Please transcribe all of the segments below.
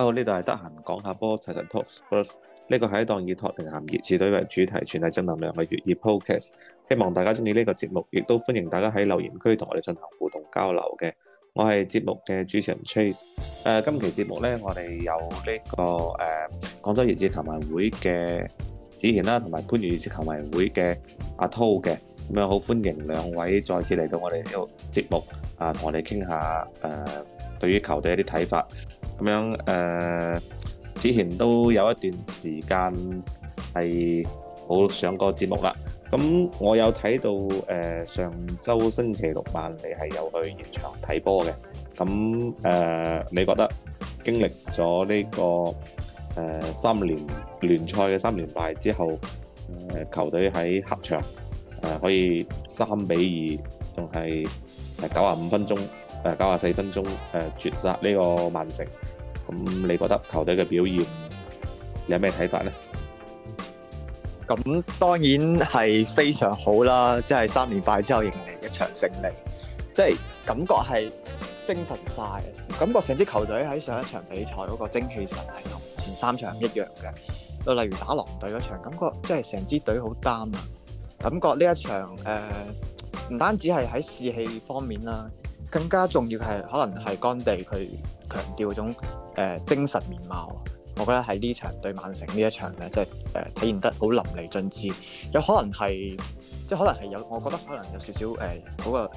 好，呢度係得閒講下波，齊齊 Talk Spurs，啊。呢個係一檔以托定咸熱刺隊為主題，傳遞正能量嘅粵語 Podcast。希望大家中意呢個節目，亦都歡迎大家喺留言區同我哋進行互動交流嘅。我係節目嘅主持人 Chase，呃。今期節目呢，我哋有呢、這個誒、呃、廣州熱刺球迷會嘅子賢啦，同埋番禺熱刺球迷會嘅阿濤嘅咁樣，好、呃、歡迎兩位再次嚟到我哋呢個節目啊，同、呃、我哋傾下誒、呃、對於球隊一啲睇法。咁樣誒，之前都有一段時間係冇上過節目啦。咁我有睇到誒上週星期六晚你係有去現場睇波嘅。咁誒，你覺得經歷咗呢個誒三連聯賽嘅三連敗之後，誒球隊喺客場誒可以三比二，仲係九十五分鐘誒九十四分鐘誒絕殺呢個曼城。咁你覺得球隊嘅表現有咩睇法咧？咁當然係非常好啦，即係三連敗之後迎嚟一場勝利，即係感覺係精神晒，感覺成支球隊喺上一場比賽嗰個精氣神係同前三場一樣嘅。例如打狼隊嗰場，感覺即係成支隊好 down 啊，感覺呢一場誒唔單止係喺士氣方面啦。更加重要嘅係，可能係干地佢強調嗰種、呃、精神面貌。我覺得喺呢場對曼城呢一場咧，即係誒、呃、體現得好淋漓盡致。有可能係即係可能係有，我覺得可能有少少誒嗰、呃、個誒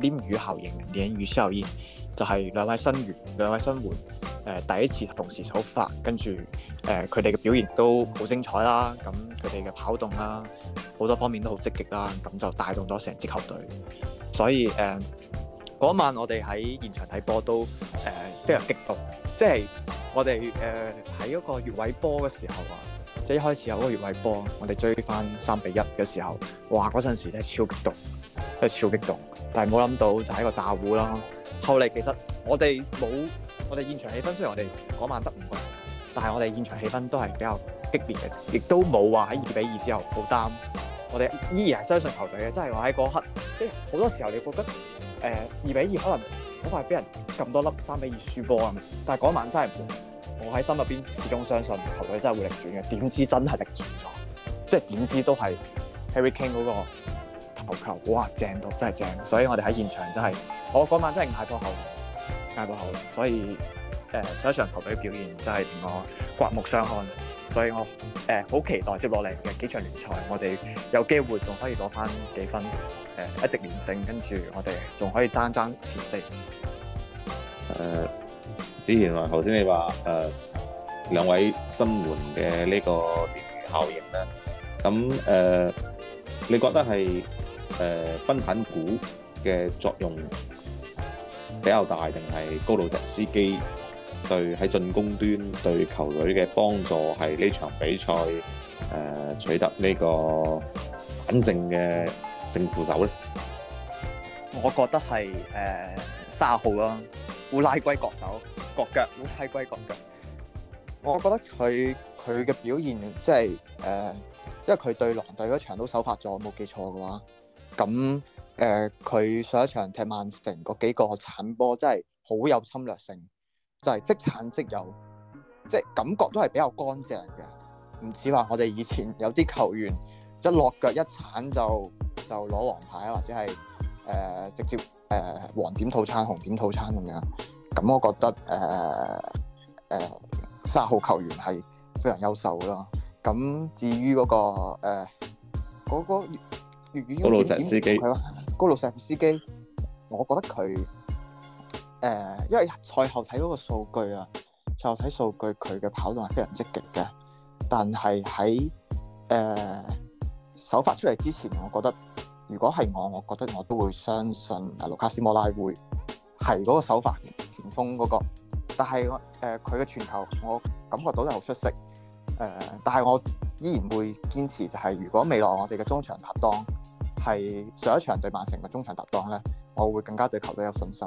鯰魚效應，點樣雨絲後煙？就係、是、兩位新援，兩位新援誒第一次同時首發，跟住誒佢哋嘅表現都好精彩啦，咁佢哋嘅跑動啦，好多方面都好積極啦，咁就帶動咗成支球隊。所以誒。呃嗰晚我哋喺現場睇波都誒、呃，非常激動。即係我哋誒喺嗰個越位波嘅時候啊，即係一開始有個越位波，我哋追翻三比一嘅時候，哇！嗰陣時咧超激動，真係超激動。但係冇諗到就係一個詐糊啦。後嚟其實我哋冇我哋現場氣氛，雖然我哋嗰晚得五個，但係我哋現場氣氛都係比較激烈嘅，亦都冇話喺二比二之後好擔。我哋依然係相信球隊嘅，即係我喺嗰刻，即係好多時候你覺得。誒二、呃、比二可能好快俾人咁多粒三比二輸波啊！但係嗰晚真係我喺心入邊始終相信球隊真係會逆轉嘅，點知真係逆轉咗，即係點知都係 Harry Kane 嗰個頭球，哇！正到真係正，所以我哋喺現場真係，我嗰晚真係嗌個喉，嗌個喉，所以、呃、上一場球隊表現真係令我刮目相看。所以我誒好、呃、期待接落嚟嘅幾場聯賽，我哋有機會仲可以攞翻幾分，誒、呃、一直連勝，跟住我哋仲可以爭爭前四。誒、呃，之前話頭先你話誒、呃、兩位新援嘅呢個效應咧，咁誒、呃、你覺得係誒賓坦古嘅作用比較大，定係高路錫斯基？對喺進攻端對球隊嘅幫助係呢場比賽誒、呃、取得個的呢個反勝嘅勝負手咧？我覺得係誒卅號啦、啊，烏拉圭腳手，腳腳烏拉圭腳腳。我覺得佢佢嘅表現即係誒，因為佢對狼隊嗰場都首發咗，冇記錯嘅話，咁誒佢上一場踢曼城嗰幾個鏟波真係好有侵略性。就係即鏟即有，即、就是、感覺都係比較乾淨嘅，唔似話我哋以前有啲球員一落腳一鏟就就攞黃牌或者係誒、呃、直接誒、呃、黃點套餐、紅點套餐咁樣。咁我覺得誒誒、呃呃、三號球員係非常優秀咯。咁至於嗰、那個誒嗰、呃那個粵粵語嗰個高路錫斯基係高路錫斯基，我覺得佢。誒、呃，因為賽後睇嗰個數據啊，賽後睇數據佢嘅跑動係非常積極嘅，但係喺誒首發出嚟之前，我覺得如果係我，我覺得我都會相信阿盧卡斯摩拉會係嗰個首發前鋒嗰、那個，但係誒佢嘅傳球我感覺到就好出色，誒、呃，但係我依然會堅持就係、是，如果未來我哋嘅中場拍檔係上一場對曼城嘅中場搭檔咧，我會更加對球隊有信心。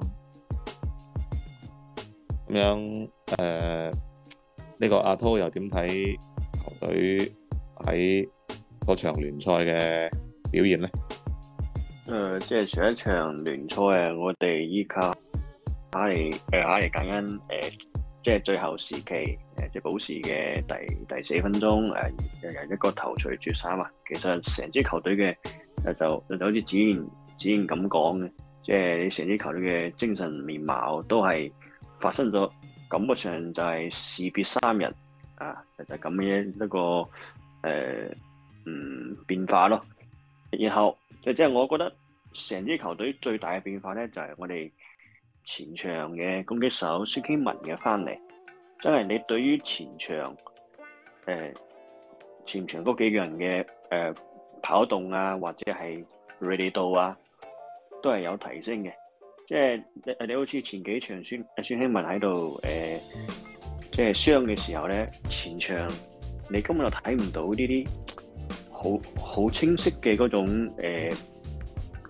咁樣，誒、呃、呢、這個阿濤又點睇球隊喺嗰場聯賽嘅表現咧？誒、呃，即係上一場聯賽啊！我哋依家喺嚟，喺嚟講緊誒，即係最後時期誒，即係保時嘅第第四分鐘誒，又、呃、一個頭槌絕殺啊！其實成支球隊嘅誒就就好似子賢子賢咁講嘅，即係你成支球隊嘅精神面貌都係。發生咗，感覺上就係士別三日啊，就咁、是、嘅一個誒、呃、嗯變化咯。然後就即、是、係我覺得成支球隊最大嘅變化咧，就係、是、我哋前場嘅攻擊手斯基文嘅翻嚟，真係你對於前場誒、呃、前場幾個人嘅誒、呃、跑動啊，或者係 ready 度啊，都係有提升嘅。即係你你好似前幾場孫誒孫興文喺度誒，即係傷嘅時候咧前場，你根本就睇唔到呢啲好好清晰嘅嗰種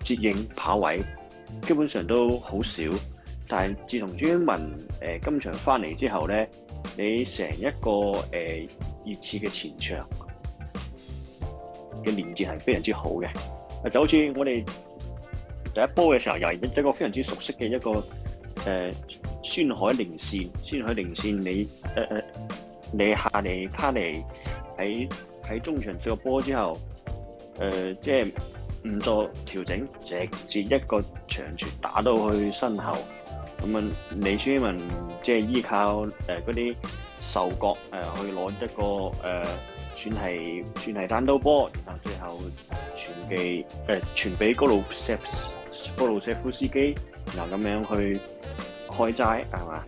接、呃、應跑位，基本上都好少。但係自從孫興文誒、呃、今場翻嚟之後咧，你成一個誒、呃、熱刺嘅前場嘅連接係非常之好嘅，就好似我哋。第一波嘅時候又一個非常之熟悉嘅一個誒、呃、孫海寧線，孫海寧線你誒、呃、你下嚟簡尼喺喺中場射波之後，誒即係唔做調整，直接一個長傳打到去身後，咁啊李書文即係依靠誒嗰啲嗅覺、呃、去攞一個誒、呃、算係算係單刀波，然後最後傳技，誒、呃、傳俾高路 Seps。波路錫斯基嗱，咁樣去開齋係嘛？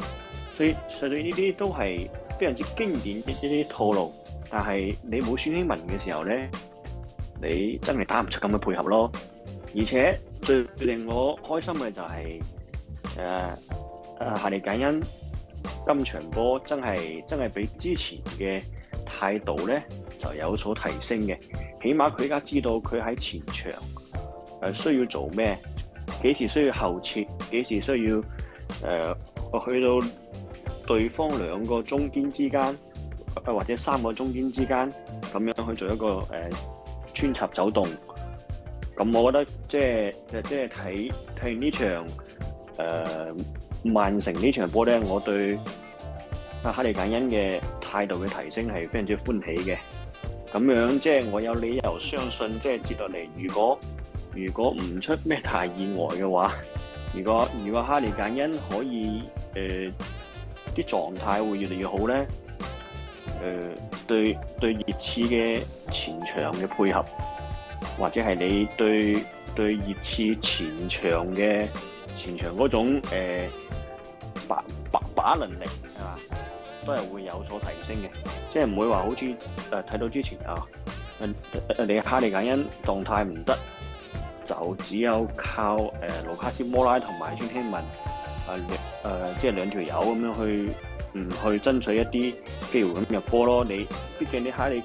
所以實際呢啲都係非常之經典一啲套路，但係你冇孫興文嘅時候咧，你真係打唔出咁嘅配合咯。而且最令我開心嘅就係誒誒夏利簡恩今場波真係真係比之前嘅態度咧就有所提升嘅，起碼佢而家知道佢喺前場誒、啊、需要做咩。幾時需要後撤？幾時需要誒？我、呃、去到對方兩個中堅之間，或者三個中堅之間，咁樣去做一個誒、呃、穿插走動。咁我覺得即係即係睇睇完呢場誒、呃、曼城這場呢場波咧，我對阿哈利簡尼嘅態度嘅提升係非常之歡喜嘅。咁樣即係我有理由相信，即係接落嚟如果。如果唔出咩大意外嘅話，如果如果哈利簡恩可以誒啲狀態會越嚟越好咧，誒、呃、對對熱刺嘅前場嘅配合，或者係你對對熱刺前場嘅前場嗰種誒、呃、把把把能力係嘛，都係會有所提升嘅，即係唔會話好似誒睇到之前啊、呃呃，你嘅哈利簡恩狀態唔得。就只有靠誒盧、呃、卡斯摩拉同埋川天文誒誒、呃呃，即係兩條友咁樣去，唔去爭取一啲機會咁入波咯。你畢竟你哈里，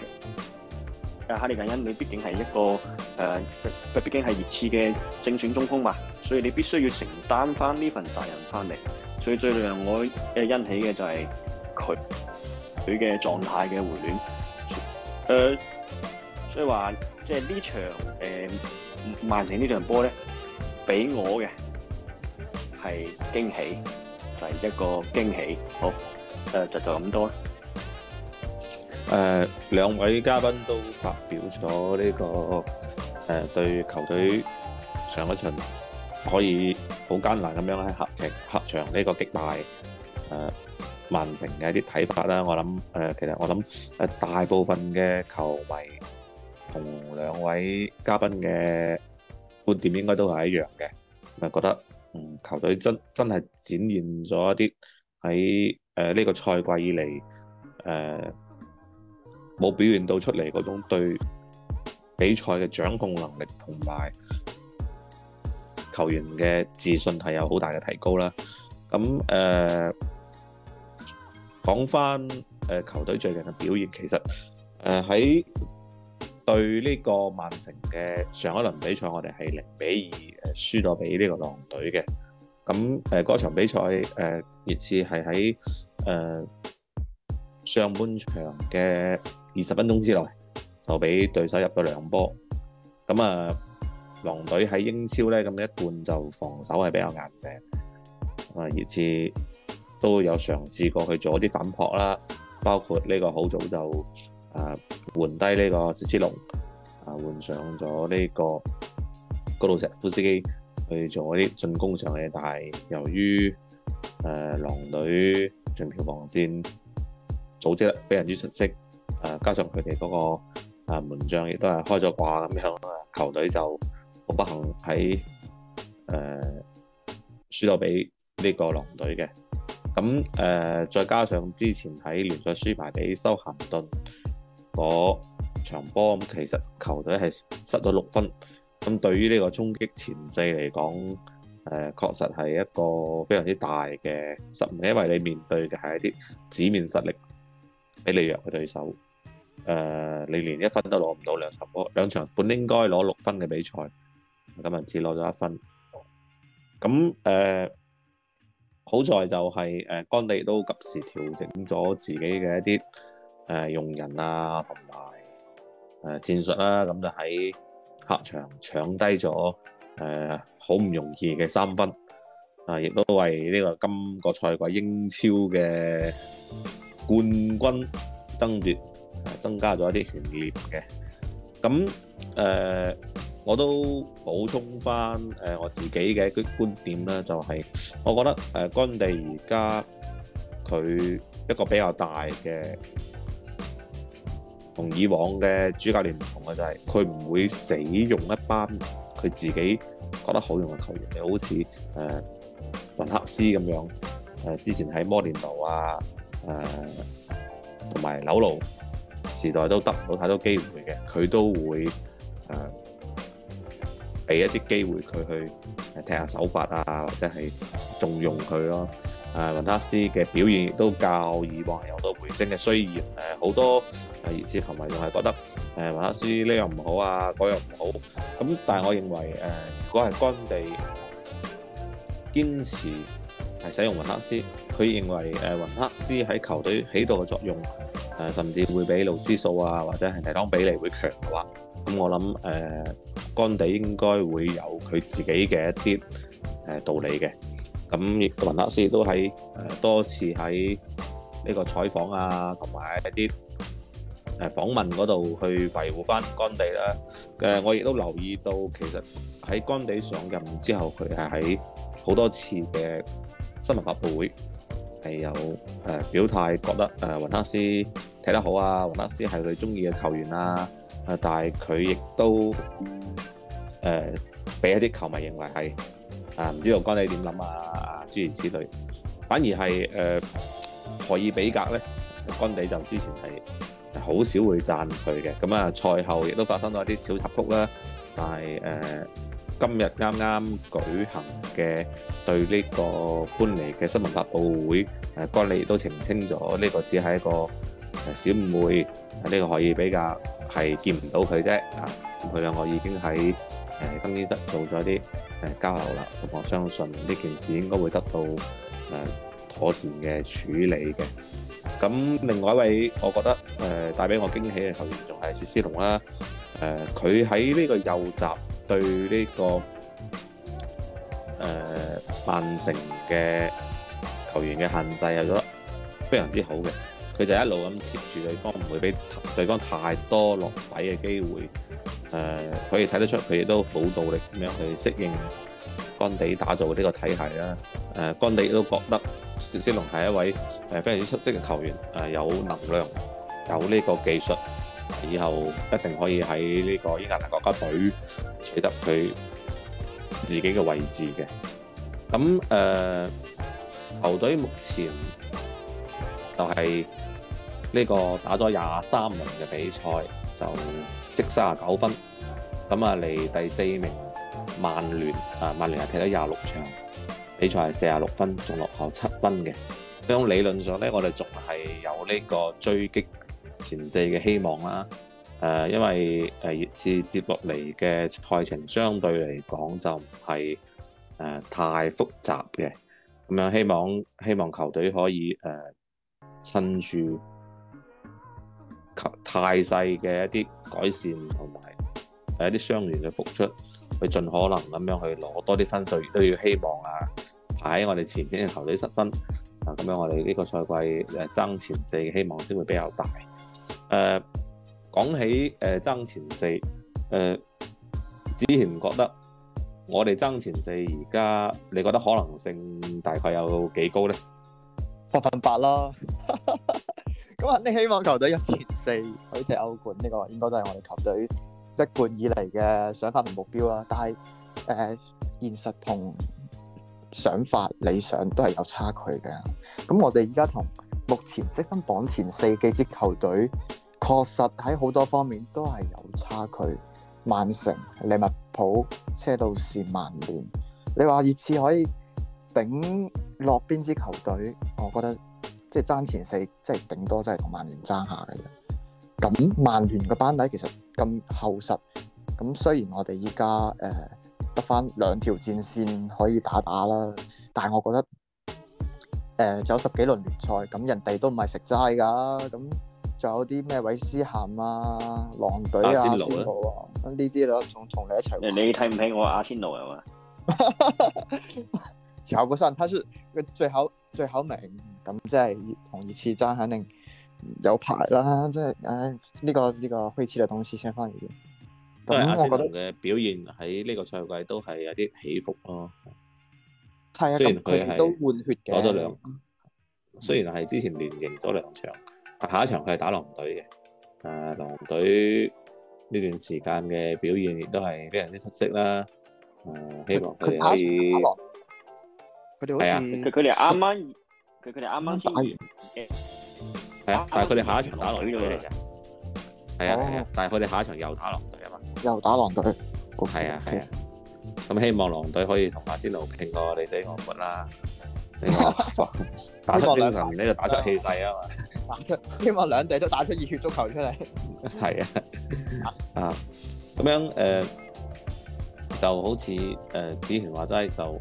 誒哈里卡恩，你畢竟係一個誒畢、呃、竟係熱刺嘅正選中鋒嘛，所以你必須要承擔翻呢份責任翻嚟。所以最令我誒欣喜嘅就係佢佢嘅狀態嘅回暖。誒、呃，所以話即係呢場誒。呃曼城呢場波咧，俾我嘅係驚喜，係一個驚喜。好，誒，就就咁多啦。誒，兩位嘉賓都發表咗呢個誒對球隊上一場可以好艱難咁樣喺客場客場呢個擊敗誒曼城嘅一啲睇法啦。我諗誒，其實我諗誒大部分嘅球迷，同兩位嘉賓嘅觀點應該都係一樣嘅，我覺得嗯球隊真真係展現咗一啲喺誒呢個賽季以嚟誒冇表現到出嚟嗰種對比賽嘅掌控能力同埋球員嘅自信係有好大嘅提高啦。咁誒講翻誒球隊最近嘅表現，其實誒喺、呃對呢個曼城嘅上一輪比賽，我哋係零比二誒輸咗俾呢個狼隊嘅。咁誒嗰場比賽誒熱刺係喺誒上半場嘅二十分鐘之內就俾對手入咗兩波。咁啊、呃、狼隊喺英超咧咁一貫就防守係比較硬淨，啊、呃、熱刺都有嘗試過去做啲反撲啦，包括呢個好早就啊，換低呢個史斯隆，啊，換上咗呢、這個高路石夫斯基去做啲進攻上嘅，但係由於誒、呃、狼隊成條防線組織得非常之純熟，誒、呃、加上佢哋嗰個啊、呃、門將亦都係開咗掛咁樣啊，球隊就好不幸喺誒、呃、輸咗俾呢個狼隊嘅，咁誒、呃、再加上之前喺聯賽輸埋俾修咸頓。嗰場波咁，其實球隊係失咗六分。咁對於呢個衝擊前四嚟講，誒、呃、確實係一個非常之大嘅失誤，因為你面對嘅係一啲紙面實力比你弱嘅對手。誒、呃，你連一分都攞唔到兩場波，兩場本應該攞六分嘅比賽，咁啊只攞咗一分。咁誒，呃、好在就係、是、誒、呃，干地都及時調整咗自己嘅一啲。誒用人啊，同埋誒戰術啦，咁就喺客場搶低咗誒，好唔容易嘅三分啊！亦都為呢個今個賽季英超嘅冠軍爭奪增加咗一啲權力嘅。咁誒，我都補充翻誒我自己嘅一啲觀點啦，就係我覺得誒，干地而家佢一個比較大嘅。同以往嘅主教練唔同嘅就係，佢唔會死用一班佢自己覺得好用嘅球員，你好似誒雲克斯咁樣，誒、呃、之前喺摩連奴啊誒同埋紐魯時代都得唔到太多機會嘅，佢都會誒俾、呃、一啲機會佢去踢下手法啊，或者係重用佢咯。誒、啊、雲克斯嘅表現都較以往有多回升嘅，雖然誒好、啊、多熱刺球迷仲係覺得誒、啊、雲克斯呢樣唔好啊，嗰樣唔好。咁但係我認為誒、啊，如果係干地堅持係使用雲克斯，佢認為誒、啊、雲克斯喺球隊起到嘅作用，誒、啊、甚至會比魯斯數啊或者係提湯比例會強嘅話，咁我諗誒干地應該會有佢自己嘅一啲誒、啊、道理嘅。咁亦雲克斯都喺、呃、多次喺呢個採訪啊，同埋一啲誒、呃、訪問嗰度去維護翻干地啦。誒、呃，我亦都留意到，其實喺干地上任之後，佢係喺好多次嘅新聞發佈會係有誒、呃、表態，覺得誒、呃、雲克斯睇得好啊，雲克斯係佢中意嘅球員啊。呃、但係佢亦都誒俾、呃、一啲球迷認為係。啊，唔知道干地點諗啊？諸如此類，反而係誒，何、呃、以比格咧，干地就之前係好少會贊佢嘅。咁啊，賽後亦都發生咗一啲小插曲啦。但係誒、呃，今日啱啱舉行嘅對呢個潘尼嘅新聞發佈會，誒、呃，干地亦都澄清咗，呢、這個只係一個誒小誤會，呢、這個何以比格係見唔到佢啫。啊，佢兩個已經喺。誒，更衣室做咗啲誒交流啦，咁我相信呢件事應該會得到誒、嗯、妥善嘅處理嘅。咁另外一位，我覺得誒、呃、帶俾我驚喜嘅球員，仲係薛斯龍啦。誒、呃，佢喺呢個右閘對呢、這個誒、呃、曼城嘅球員嘅限制係做得非常之好嘅。佢就一路咁貼住對方，唔會俾對方太多落位嘅機會。誒，可以睇得出佢亦都好努力咁樣去適應干地打造呢個體系啦。誒、呃，干地都覺得薛肖龍係一位誒非常之出色嘅球員，誒、呃、有能量，有呢個技術，以後一定可以喺呢個英格蘭國家隊取得佢自己嘅位置嘅。咁誒、呃，球隊目前就係呢個打咗廿三輪嘅比賽就。即三十九分，咁啊嚟第四名曼聯啊，曼聯係踢咗廿六場比賽，係四十六分，仲落後七分嘅。咁理論上咧，我哋仲係有呢個追擊前四嘅希望啦。誒，因為誒、呃、熱刺接落嚟嘅賽程相對嚟講就唔係誒太複雜嘅，咁樣希望希望球隊可以誒趁、呃、住。及態勢嘅一啲改善，同埋誒一啲傷員嘅復出，去盡可能咁樣去攞多啲分數，都要希望啊排喺我哋前邊嘅球隊失分啊，咁樣我哋呢個賽季誒爭前四嘅希望先會比較大。誒、呃、講起誒爭前四，誒、呃、之前覺得我哋爭前四，而家你覺得可能性大概有幾高咧？百分百啦！ 咁你希望球隊一前四去踢歐冠，呢個應該都係我哋球隊一貫以嚟嘅想法同目標啦。但係誒、呃，現實同想法、理想都係有差距嘅。咁我哋而家同目前積分榜前四幾支球隊，確實喺好多方面都係有差距。曼城、利物浦、車路士、曼聯，你話熱刺可以頂落邊支球隊？我覺得。即係爭前四，即係頂多真係同曼聯爭下嘅啫。咁曼聯嘅班底其實咁厚實，咁雖然我哋依家誒得返兩條戰線可以打打啦，但係我覺得誒仲、呃、有十幾輪聯賽，咁人哋都唔係食齋㗎。咁仲有啲咩韋斯咸啊、狼隊啊、阿仙奴啊，呢啲咧仲同你一齊。你睇唔起我阿仙奴啊？嘛，也不算，他是最好最好命。咁即係同熱刺爭肯定有排啦，即係唉呢個呢、這個開始就當次升翻嚟嘅。咁我覺得表現喺呢個賽季都係有啲起伏咯。係啊，咁佢係攞咗兩。雖然係之前連贏咗兩場，嗯、下一場佢係打狼隊嘅。誒、呃、狼隊呢段時間嘅表現亦都係非常之出色啦。誒呢佢哋，佢哋好似，佢哋好似啱啱。佢哋啱啱打完，係啊，但係佢哋下一場打狼隊嘅啫，係啊係啊，但係佢哋下一場又打狼隊啊嘛，又打狼隊，係啊係啊，咁希望狼隊可以同阿仙奴拼過你死我活啦，打出精神，呢度打出氣勢啊嘛，希望兩地都打出熱血足球出嚟。係啊，啊，咁樣誒，就好似誒子賢話齋就。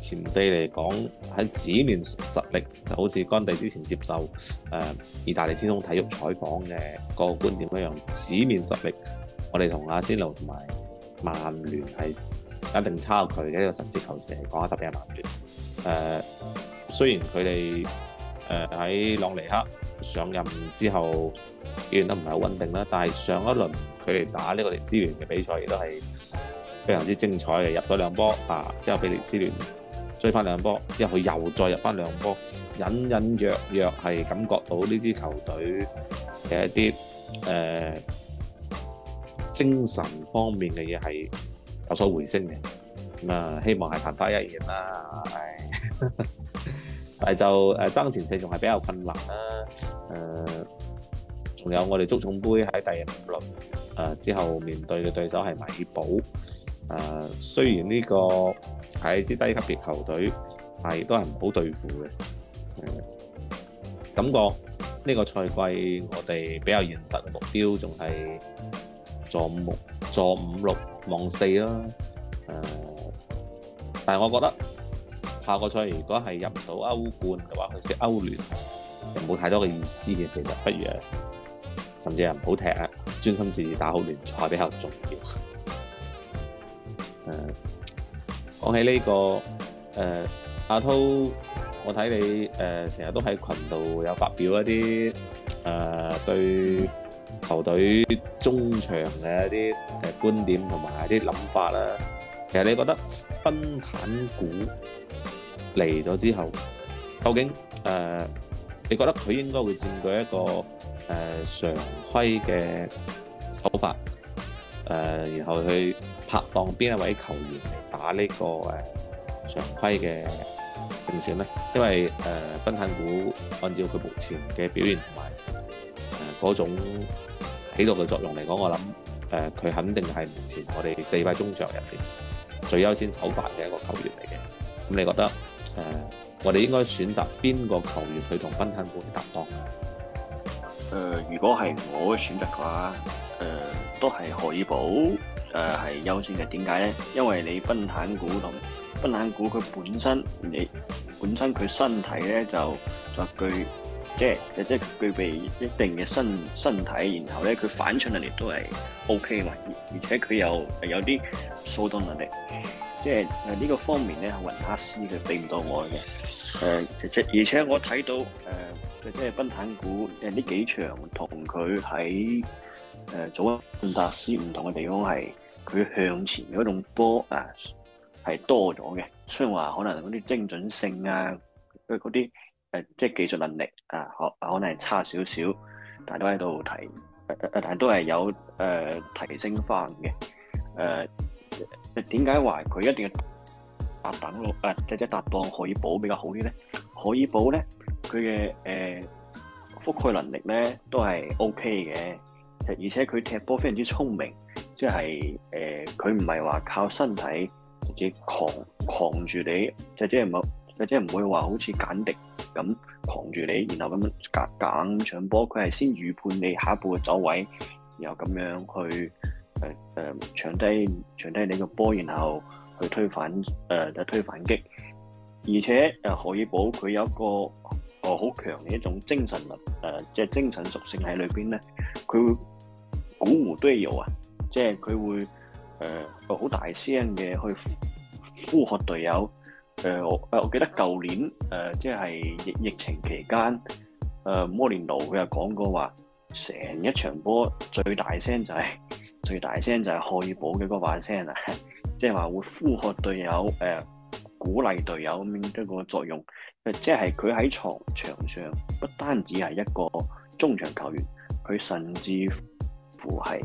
前制嚟講，喺紙面實力就好似干地之前接受誒、呃、意大利天空體育採訪嘅嗰個觀點一樣，紙面實力我哋同阿仙奴同埋曼聯係一定差距嘅。呢、這個實事求是嚟講，特別係曼聯誒、呃，雖然佢哋誒喺朗尼克上任之後表現得唔係好穩定啦，但係上一輪佢哋打呢個列斯聯嘅比賽亦都係非常之精彩嘅，入咗兩波啊，之後俾列斯聯。追翻兩波，之後佢又再入翻兩波，隱隱約約係感覺到呢支球隊嘅一啲誒、呃、精神方面嘅嘢係有所回升嘅。咁、呃、啊，希望係曇花一現啦、啊，唉，呵呵但係就誒爭、呃、前四仲係比較困難啦、啊。誒、呃，仲有我哋足總杯喺第五輪，誒、呃、之後面對嘅對手係米堡。誒，uh, 雖然呢個係一支低級別球隊，但亦都係唔好對付嘅。Uh, 感覺呢、這個賽季我哋比較現實嘅目標仲係坐五六坐五六望四啦。誒、uh，但係我覺得下個賽如果係入唔到歐冠嘅話，去啲歐聯又冇太多嘅意思嘅，其實不如，甚至係唔好踢，專心致志打好聯賽比較重要。誒，講起呢、這個誒、啊，阿濤，我睇你誒，成、啊、日都喺群度有發表一啲誒、啊，對球隊中場嘅一啲誒、啊、觀點同埋一啲諗法啦。其實你覺得奔坦古嚟咗之後，究竟誒、啊，你覺得佢應該會佔據一個誒、啊、常規嘅手法？誒，然後去拍檔邊一位球員嚟打這個上的呢個誒常規嘅正選咧，因為誒賓肯古按照佢目前嘅表現同埋誒嗰種起到嘅作用嚟講，我諗誒佢肯定係目前我哋四位中場入邊最優先首發嘅一個球員嚟嘅。咁你覺得誒、呃、我哋應該選擇邊個球員去同賓肯古搭檔？誒、呃，如果係我嘅選擇嘅話，誒、呃、都係荷爾堡，誒、呃、係優先嘅。點解咧？因為你奔坦古，同奔坦古佢本身，你本身佢身體咧，就就具，即係即係具備一定嘅身身體，然後咧佢反搶能力都係 O K 嘛，而且佢又有啲疏導能力，即係誒呢個方面咧雲克斯佢俾唔到我嘅，誒、呃、而且我睇到誒。呃即係奔坦古誒呢幾場同佢喺誒早雲達斯唔同嘅地方，係佢向前嘅嗰種波啊係多咗嘅，雖然話可能嗰啲精準性啊，佢嗰啲誒即係技術能力啊，可可能係差少少，但都喺度提、啊、但係都係有誒、啊、提升翻嘅誒。點解話佢一定要搭等誒、啊、即係即係搭檔凱爾保比較好啲咧？凱爾保咧？佢嘅誒覆蓋能力咧都係 O K 嘅，而且佢踢波非常之聰明，即係誒佢唔係話靠身體直接狂扛住你，即係即係冇即係唔會話好似簡迪咁狂住你，然後咁樣夾硬搶波，佢係先預判你下一步嘅走位，然後咁樣去誒誒、呃呃、搶低搶低你個波，然後去推反誒即、呃、推反擊，而且又何爾保佢有一個。哦，好強嘅一種精神力、呃，即係精神屬性喺裏邊咧，佢會鼓舞隊友啊！即係佢會誒好、呃、大聲嘅去呼喝隊友。誒、呃，我我記得舊年誒、呃，即係疫疫情期間，誒、呃，摩連奴佢又講過話，成一場波最大聲就係、是、最大聲就係荷爾堡嘅嗰把聲啊！即係話會呼喝隊友誒。呃鼓勵隊友咁一個作用，誒，即係佢喺場場上不單止係一個中場球員，佢甚至乎係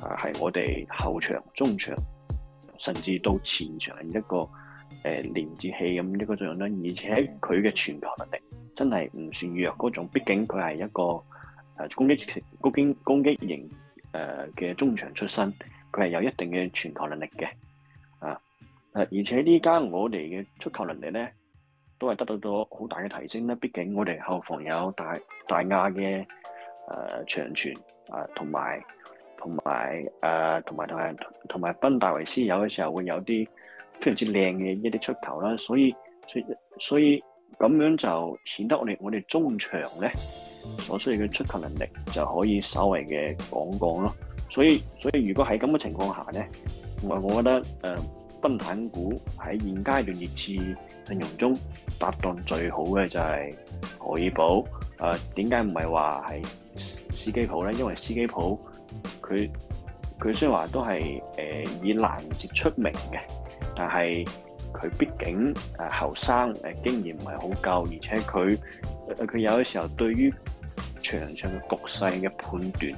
啊，係我哋後場、中場甚至到前場一個誒、呃、連接器咁一個作用啦。而且佢嘅傳球能力真係唔算弱嗰種，畢竟佢係一個誒攻擊、攻擊、攻擊型誒嘅中場出身，佢係有一定嘅傳球能力嘅。而且呢家我哋嘅出球能力咧，都係得到咗好大嘅提升啦。畢竟我哋後防有大大亞嘅誒長傳啊，同埋同埋誒同埋同埋同埋賓大維斯有嘅時候會有啲非常之靚嘅一啲出球啦。所以所以所以咁樣就顯得我哋我哋中場咧所需要嘅出球能力就可以稍微嘅講講咯。所以所以如果喺咁嘅情況下咧，我我覺得誒。呃奔坦股喺現階段熱刺陣容中搭檔最好嘅就係何爾保。誒點解唔係話係司機普咧？因為司機普佢佢雖然話都係、呃、以攔截出名嘅，但係佢畢竟誒後生誒經驗唔係好夠，而且佢佢、啊、有嘅時候對於場上嘅局勢嘅判斷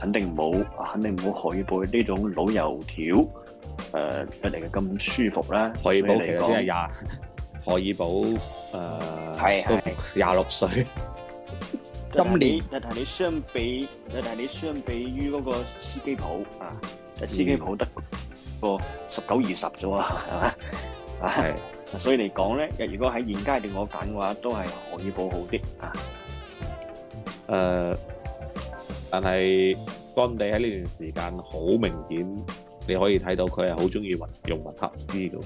肯定冇、啊、肯定冇何爾保呢種老油條。誒，哋嘅咁舒服啦、啊，可以保其實即係廿，可以保誒，係係都廿六歲。今年，但係你，你相比，但係你相比於嗰個司機普啊，司機普得個十九二十啫嘛，係嘛？係，是所以嚟講咧，如果喺現階段我揀嘅話，都係可以保好啲啊。誒、呃，但係干地喺呢段時間好明顯。你可以睇到佢係好鍾意用雲克斯嘅，咁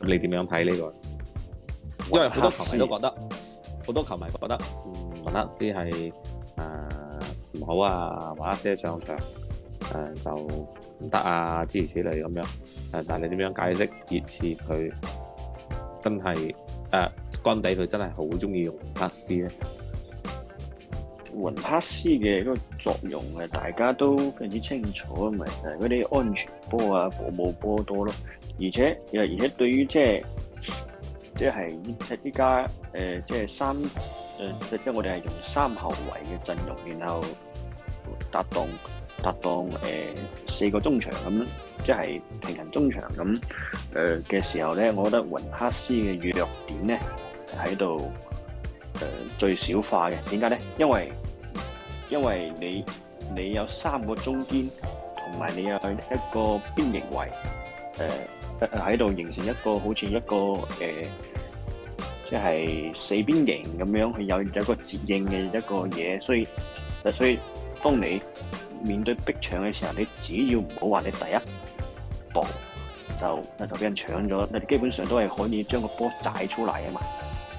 你點樣睇呢、這個？特因為好多球迷都覺得，好多球迷覺得雲克、嗯、斯係、呃、不唔好啊，雲克斯上場誒就唔得啊，諸如此類咁樣、呃。但你點樣解釋熱刺佢真係誒、呃、乾地佢真係好鍾意用雲克斯雲克斯嘅嗰個作用啊，大家都非常之清楚啊嘛。誒，啲安全波啊，服務波多咯。而且而且對於即係即係依依家誒，即、就、係、是呃就是、三誒，即、呃、係、就是、我哋係用三後衞嘅陣容，然後搭檔搭檔誒四、呃、個中場咁，即係、就是、平衡中場咁誒嘅時候咧，我覺得雲克斯嘅弱點咧喺度誒最小化嘅。點解咧？因為因為你你有三個中堅，同埋你有一個邊形位，誒喺度形成一個好似一個誒，即係四邊形咁樣，佢有有一個接應嘅一個嘢，所以所以當你面對逼搶嘅時候，你只要唔好話你第一步就就俾人搶咗，你基本上都係可以將個波掙出嚟嘅嘛。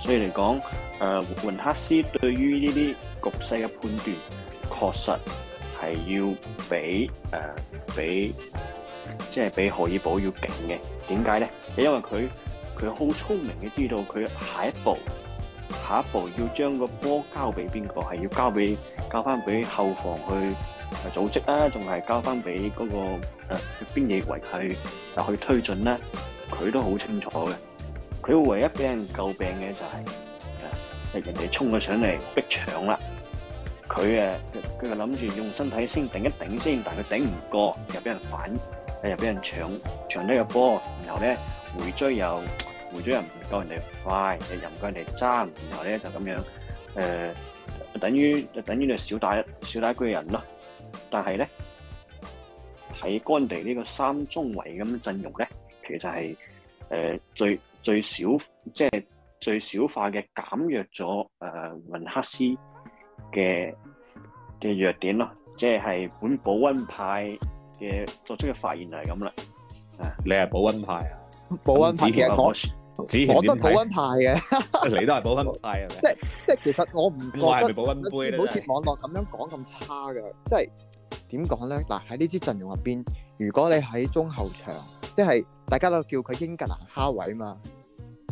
所以嚟講，誒雲克斯對於呢啲局勢嘅判斷，確實係要比誒、呃、比即係比荷爾堡要勁嘅。點解咧？就因為佢佢好聰明嘅，知道佢下一步下一步要將個波交俾邊個，係要交俾交翻俾後防去組織啊，仲係交翻俾嗰個誒邊翼衛係去推進咧、啊，佢都好清楚嘅。佢唯一俾人詬病嘅就係，誒，人哋衝咗上嚟逼搶啦，佢誒，佢佢諗住用身體先頂一頂先，但係佢頂唔過，又俾人反，又俾人搶搶低個波，然後咧回追又回追又唔夠人哋快，又唔夠人哋爭，然後咧就咁樣，誒、呃，等於就等於就少打少打一個人咯，但係咧，喺干地呢個三中衛咁嘅陣容咧，其實係誒、呃、最。最少即係最小化嘅減弱咗誒雲克斯嘅嘅弱點咯，即係係本保温派嘅作出嘅發現係咁啦。啊，你係保温派啊？保温派其實講都係保温派嘅，你都係保温派啊？即即係其實我唔覺得好似網絡咁樣講咁差㗎，啊、即係點講咧？嗱，喺、啊、呢支陣容入邊，如果你喺中後場，即係。大家都叫佢英格蘭哈維嘛？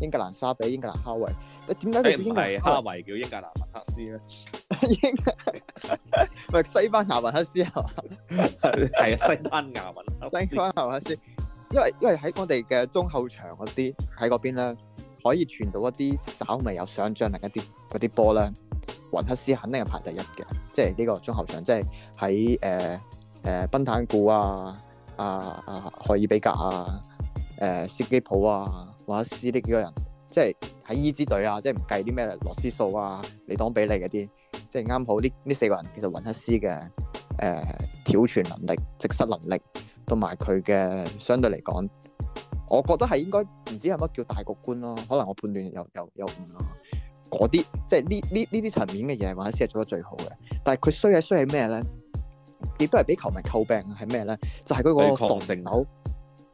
英格蘭沙比、英格蘭哈維。點解佢唔係哈維，欸、哈維叫英格蘭雲克斯咧？ 英唔格 西班牙雲克斯係嘛？啊 ，西班牙雲克斯。西班牙雲 因為因為喺我哋嘅中後場嗰啲喺嗰邊咧，可以傳到一啲稍微有想像力一啲啲波咧，雲克斯肯定係排第一嘅。即係呢個中後場，即係喺誒誒賓坦古啊啊啊，荷、啊、爾比格啊。誒、呃、司機鋪啊，或者司呢幾個人，即係喺依支隊啊，即係唔計啲咩羅斯數啊，你當比例嗰啲，即係啱好呢呢四個人，其實雲克斯嘅誒挑傳能力、直塞能力同埋佢嘅相對嚟講，我覺得係應該唔知係乜叫大局觀咯，可能我判斷有有有誤咯、啊。嗰啲即係呢呢呢啲層面嘅嘢，或者師係做得最好嘅，但係佢衰係衰係咩咧？亦都係俾球迷詬病係咩咧？就係佢嗰個防守。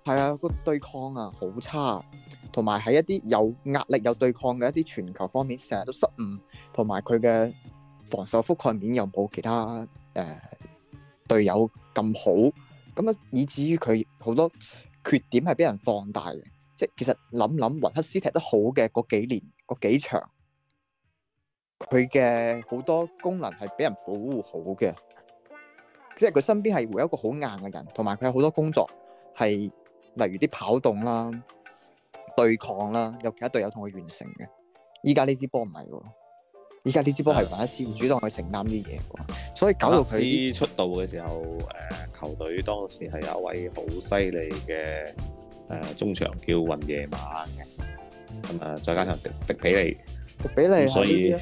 係啊，個對抗啊好差，同埋喺一啲有壓力、有對抗嘅一啲全球方面，成日都失誤，同埋佢嘅防守覆蓋面又冇其他誒隊友咁好，咁啊，以至於佢好多缺點係俾人放大嘅。即係其實諗諗，雲克斯踢得好嘅嗰幾年、嗰幾場，佢嘅好多功能係俾人保護好嘅，即係佢身邊係有一個好硬嘅人，同埋佢有好多工作係。例如啲跑動啦、對抗啦，有其他隊友同佢完成嘅。依家呢支波唔係喎，依家呢支波係雲克斯要主動去承擔啲嘢喎。所以搞到佢。雲克斯出道嘅時候，誒、呃、球隊當時係有一位好犀利嘅誒中場叫雲夜馬嘅，咁、嗯、啊、呃，再加上迪迪比利，迪比利，嗯、所以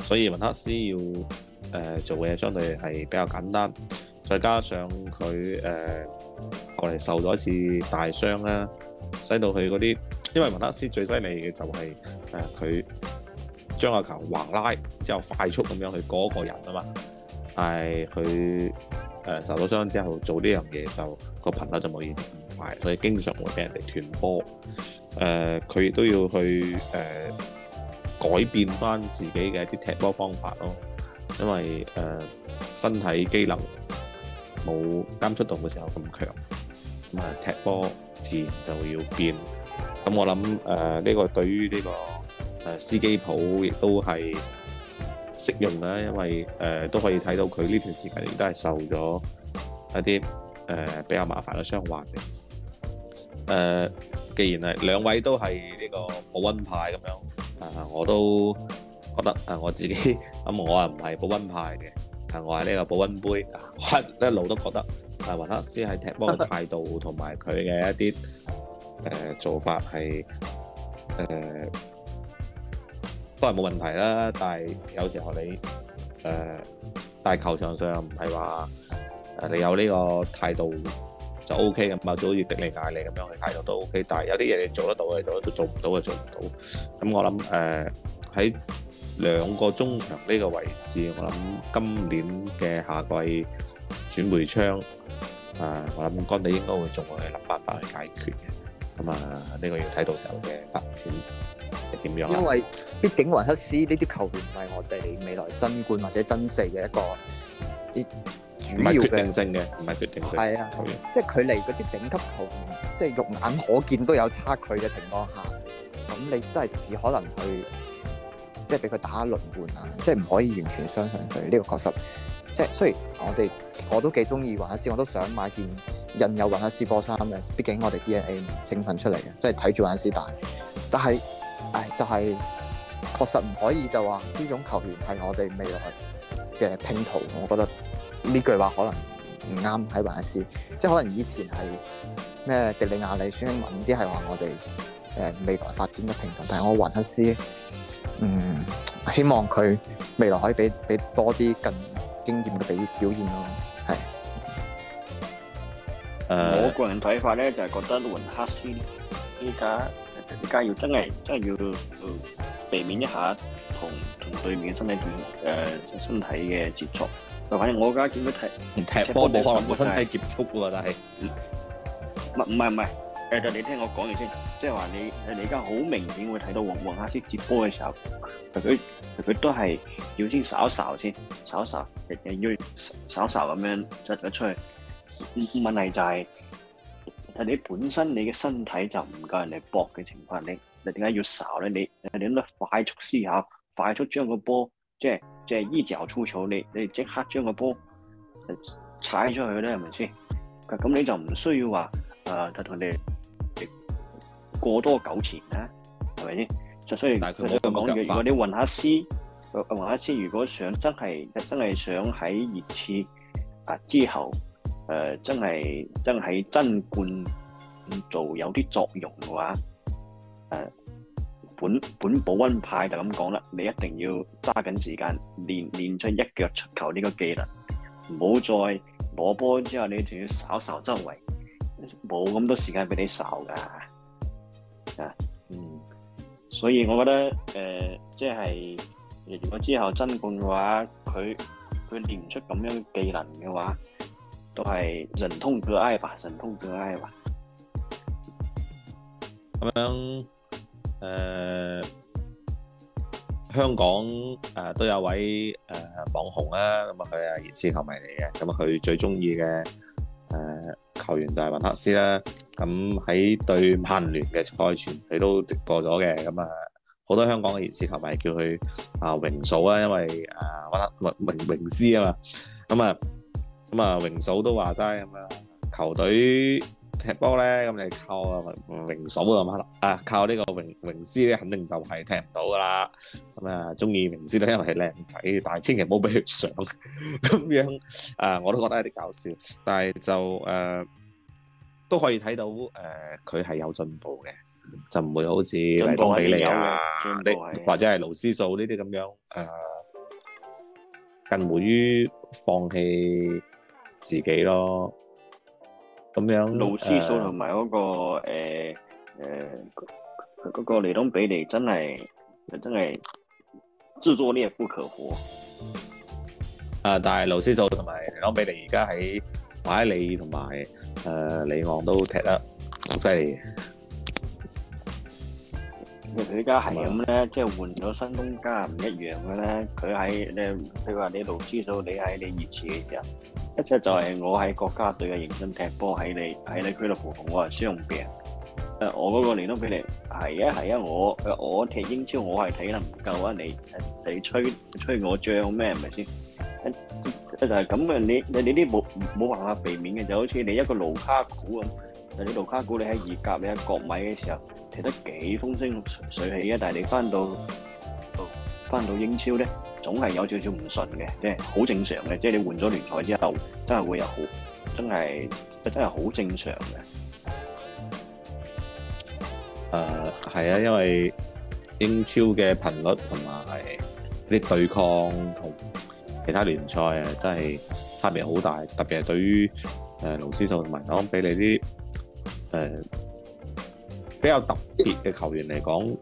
所以雲克斯要誒、呃、做嘅嘢相對係比較簡單，再加上佢誒。呃我哋受咗一次大傷啦，使到佢嗰啲，因為雲克斯最犀利嘅就係佢將個球橫拉，之後快速咁樣去過個人啊嘛。但係佢受咗傷之後做呢樣嘢，就個頻率就冇以前咁快，所以經常會俾人哋斷波。誒、呃，佢亦都要去、呃、改變翻自己嘅一啲踢波方法咯，因為、呃、身體機能冇啱出動嘅時候咁強。踢波自然就要變，咁我諗誒呢個對於呢、這個誒、呃、司機普亦都係適用啦，因為誒、呃、都可以睇到佢呢段時間亦都係受咗一啲誒、呃、比較麻煩嘅傷患嘅。誒、呃，既然係兩位都係呢個保溫派咁樣，啊、呃、我都覺得啊我自己咁、嗯、我啊唔係保溫派嘅，啊我係呢個保溫杯，我一路都覺得。係雲克斯係踢波嘅態度同埋佢嘅一啲誒做法係誒都係冇問題啦，但係有時候你誒，但係球場上唔係話你有呢個態度就 O K 咁啊，就好似迪尼亞利咁樣嘅態度都 O K，但係有啲嘢你做得到嘅做得到，做唔到就做唔到。咁我諗誒喺兩個中場呢個位置，我諗今年嘅夏季。轉會窗啊，我諗干地應該會仲會諗辦法去解決嘅。咁啊，呢個要睇到時候嘅發展係點樣。因為畢竟雲克斯呢啲球員唔係我哋未來爭冠或者爭四嘅一個，唔係決定性嘅，唔係決定性。係啊，即係距離嗰啲頂級球員，即係肉眼可見都有差距嘅情況下，咁你真係只可能去，即係俾佢打輪換啊！即係唔可以完全相信佢，呢個確實。即係雖然我哋我都幾中意雲克斯，我都想買一件印有雲克斯波衫嘅。畢竟我哋 d n a 成分出嚟，嘅，即係睇住雲克斯大。但係誒、哎，就係、是、確實唔可以就話呢種球員係我哋未來嘅拼圖。我覺得呢句話可能唔啱喺雲克斯。即係可能以前係咩迪利亞利、孫興慜啲係話我哋誒未來發展嘅拼圖，但係我雲克斯嗯希望佢未來可以俾俾多啲更。經驗嘅表現咯，係。我個人睇法咧就係覺得雲克斯，依家依家要真係真係要避免一下同同對面嘅身體誒身體嘅接觸。就反正我而家見到踢、踢波冇可能冇身體接觸喎，但係唔唔係唔係，誒，你聽我講完先，即係話你你而家好明顯會睇到雲雲克斯接波嘅時候，佢佢都係要先睄睄先，睄睄日日要睄睄咁樣，再再出去。嗯，問題就係係，你本身你嘅身體就唔夠人哋搏嘅情況，你你點解要睄咧？你你點樣快速思考，快速將個波，即係即係依腳出球，你你即刻將個波踩出去咧，係咪先？咁你就唔需要話誒就同你哋過多糾纏啦，係咪先？就所以，所以如果你雲克斯，雲克斯，暈暈暈暈暈暈暈，如果想真係真係想喺熱刺啊之後，誒真係真喺爭冠做有啲作用嘅話，誒、啊、本本保溫派就咁講啦，你一定要揸緊時間練練出一腳出球呢個技能，唔好再攞波之後，你仲要掃掃周圍，冇咁多時間俾你掃㗎，啊！所以，我覺得誒、呃，即係如果之後爭冠嘅話，佢佢練唔出咁樣嘅技能嘅話，都係忍痛割愛吧，忍痛割愛吧。咁誒、呃，香港誒、呃、都有位誒、呃、網紅啦、啊，咁啊佢係熱刺球迷嚟嘅，咁啊佢最中意嘅誒、呃球員就係雲克斯啦，咁喺對曼聯嘅賽前，佢都直播咗嘅，咁啊好多香港嘅熱刺球迷叫佢啊榮嫂啊，因為啊雲雲雲克斯啊嘛，咁啊咁啊榮嫂都話齋咁啊，球隊踢波咧，咁你靠啊榮榮嫂咁啦，啊靠呢個榮榮師咧，肯定就係踢唔到噶啦。咁啊，中意榮師都因為係靚仔，但係千祈唔好俾佢上。咁樣啊，我都覺得有啲搞笑，但係就誒都可以睇到誒，佢係有進步嘅，就唔會好似黎東比利啊，或者係勞斯素呢啲咁樣誒，近乎於放棄自己咯。咁樣，老師蘇同埋嗰個誒誒嗰個尼東比利真係真係自作孽不可活啊！但係老師蘇同埋尼東比利而家喺馬里同埋誒里昂都踢得好犀利嘅。佢而家係咁咧，即係換咗新東家唔一樣嘅咧。佢喺你，你話你老師蘇，你喺你熱刺嘅時候？一切就係我喺國家隊嘅認真踢波，喺你喺你俱樂部同我係相別。誒，我嗰個年都俾你，係啊係啊，我我踢英超，我係睇得唔夠啊！你你吹吹我漲咩？係咪先？就係咁嘅，你你哋啲冇冇辦法避免嘅，就好似你一個盧卡古咁。你盧卡古，你喺意甲、喺國米嘅時候踢得幾風生水起啊！但係你翻到翻到英超咧？總係有少少唔順嘅，即係好正常嘅。即係你換咗聯賽之後，真係會有好，真係真係好正常嘅。誒，係啊，因為英超嘅頻率同埋啲對抗同其他聯賽誒，真係差別好大。特別係對於誒盧斯數同埋講俾你啲誒、呃、比較特別嘅球員嚟講，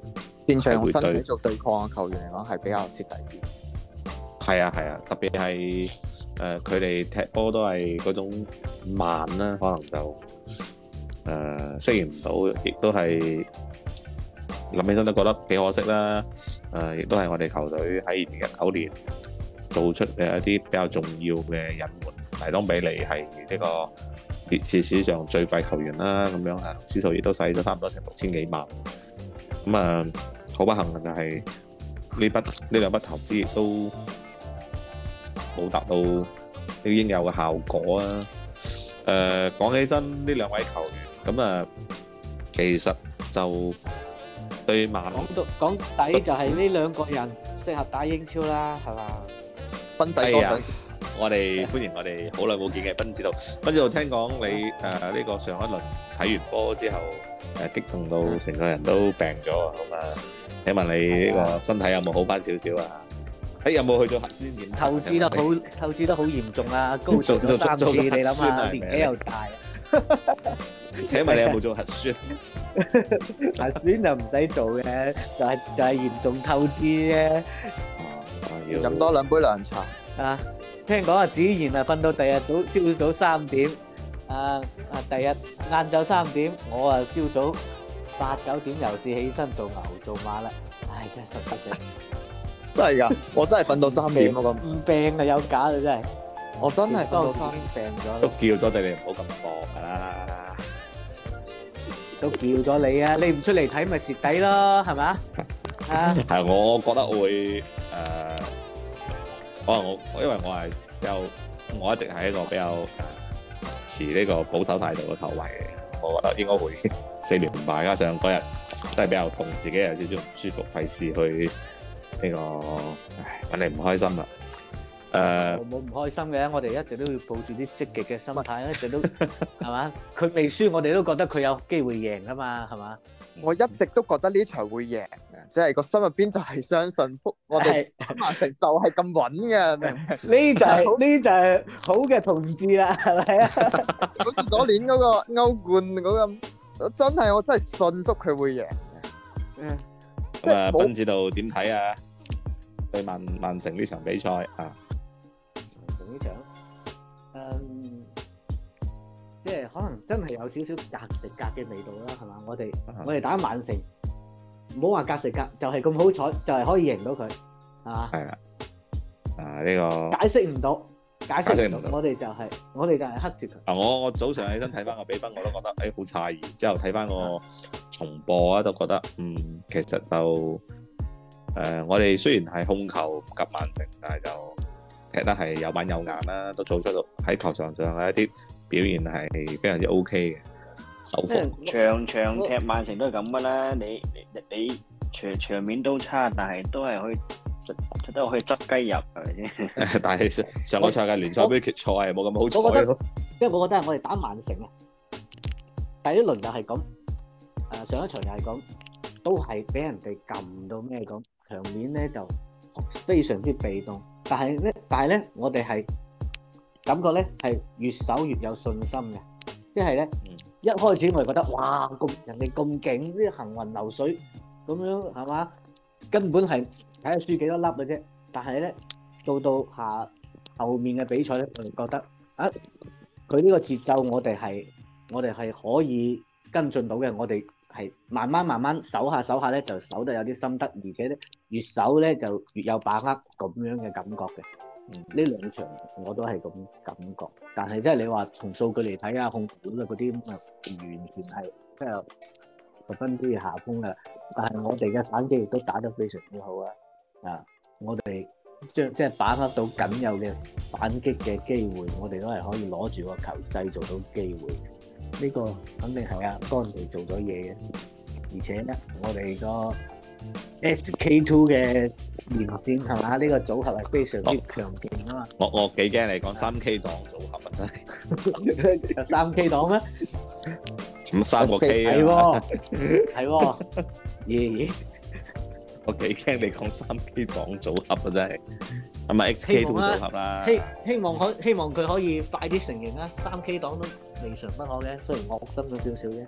現場用身體做對抗嘅球員嚟講係比較蝕底啲。係啊，係啊，特別係誒，佢哋踢波都係嗰種慢啦，可能就誒適應唔到，亦都係諗起身都覺得幾可惜啦。誒，亦都係我哋球隊喺二零一九年做出嘅一啲比較重要嘅隱患引援。大當比利係呢個熱刺史上最貴球員啦，咁樣啊，資數亦都使咗差唔多成六千幾萬。咁啊，好不幸就係呢筆呢兩筆投資亦都。冇達到呢個應有嘅效果啊！誒，講起身呢兩位球員，咁啊，其實就對曼城。講到講底就係呢兩個人適合打英超啦，係嘛？斌仔啊，我哋歡迎我哋好耐冇見嘅斌指導。斌指導聽講你誒呢個上一輪睇完波之後誒激動到成個人都病咗啊嘛？請問你呢個身體有冇好返少少啊？誒有冇去做核酸？透支得好，透支得好嚴重啊！高齡又三次，你諗下，年紀又大，請問你有冇做核酸？核酸就唔使做嘅，就係就係嚴重透支啫。哦，要飲多兩杯涼茶。啊，聽講啊，子賢啊，瞓到第二日早朝早三點，啊啊，第二日晏晝三點，我啊朝早八九點又是起身做牛做馬啦。唉，真係失業症。真係噶，我真係瞓到三點了，唔病啊，有假啊，真係。我真係都生病咗，都叫咗你唔好咁搏噶啦，了了都叫咗你啊，你唔出嚟睇咪蝕底咯，係咪？啊，係我覺得會誒，可、呃、能我，我因為我係有，我一直係一個比較、呃、持呢個保守態度嘅球迷嘅，我覺得應該會四年唔敗，加上嗰日都係比較痛，自己有少少唔舒服，費事去。呢個唉，肯定唔開心啦。誒，冇唔開心嘅，我哋一直都會抱住啲積極嘅心態，一直都係嘛。佢未輸，我哋都覺得佢有機會贏噶嘛，係嘛。我一直都覺得呢場會贏嘅，即係個心入邊就係相信福。我哋就係咁穩嘅，明唔明？呢就係呢就係好嘅同志啦，係咪啊？好似嗰年嗰個歐冠嗰個，真係我真係信福佢會贏嘅。嗯，咁啊，斌指導點睇啊？對曼曼城呢場比賽啊，呢場，嗯，即係可能真係有少少格食格嘅味道啦，係嘛？我哋我哋打曼城，唔好話格食格，就係咁好彩，就係可以贏到佢，係嘛？係啊，啊呢個解釋唔到，解釋唔到，我哋就係我哋就係黑住佢。啊，我我早上起身睇翻個比分，我都覺得誒好詫異，之後睇翻個重播啊，都覺得嗯，其實就。誒，我哋雖然係控球唔及曼城，但係就踢得係有板有眼啦，都做出到喺球場上嘅一啲表現係非常之 OK 嘅。即係場場踢曼城都係咁噶啦，你你場場面都差，但係都係可以出得去執雞入係咪先？但係上上一場嘅聯賽杯決賽係冇咁好彩。我覺得即係我覺得我哋打曼城啊，第一輪就係咁，誒上一場又係咁，都係俾人哋撳到咩咁？場面咧就非常之被動，但係咧，但係咧，我哋係感覺咧係越守越有信心嘅。即係咧，一開始我哋覺得哇，咁人哋咁勁，啲行雲流水咁樣係嘛，根本係睇下輸幾多粒嘅啫。但係咧，到到下後面嘅比賽咧，我哋覺得啊，佢呢個節奏我哋係我哋係可以跟進到嘅。我哋係慢慢慢慢守下守下咧，就守得有啲心得，而且咧，越守咧就越有把握咁樣嘅感覺嘅，嗯，呢兩場我都係咁感覺。但係即係你話從數據嚟睇啊，控管啊嗰啲咁啊，完全係即係十分之下風啦。但係我哋嘅反擊亦都打得非常之好啊！啊，我哋將即係把握到僅有嘅反擊嘅機會，我哋都係可以攞住個球製造到機會。呢個肯定係阿干地做咗嘢嘅，而且咧我哋個，SK2 嘅連線係嘛？呢個組合係非常之強勁啊嘛！我我幾驚你講三 K 黨組合啊，真係有三 K 黨咩？咁三個 K 咯。係喎，係喎！咦！我幾驚你講三 K 黨組合啊，真係，唔係 SK2 組合啦。希希望可希望佢可以快啲承認啦。三 K 黨都未嘗不可嘅，雖然惡心咗少少嘅。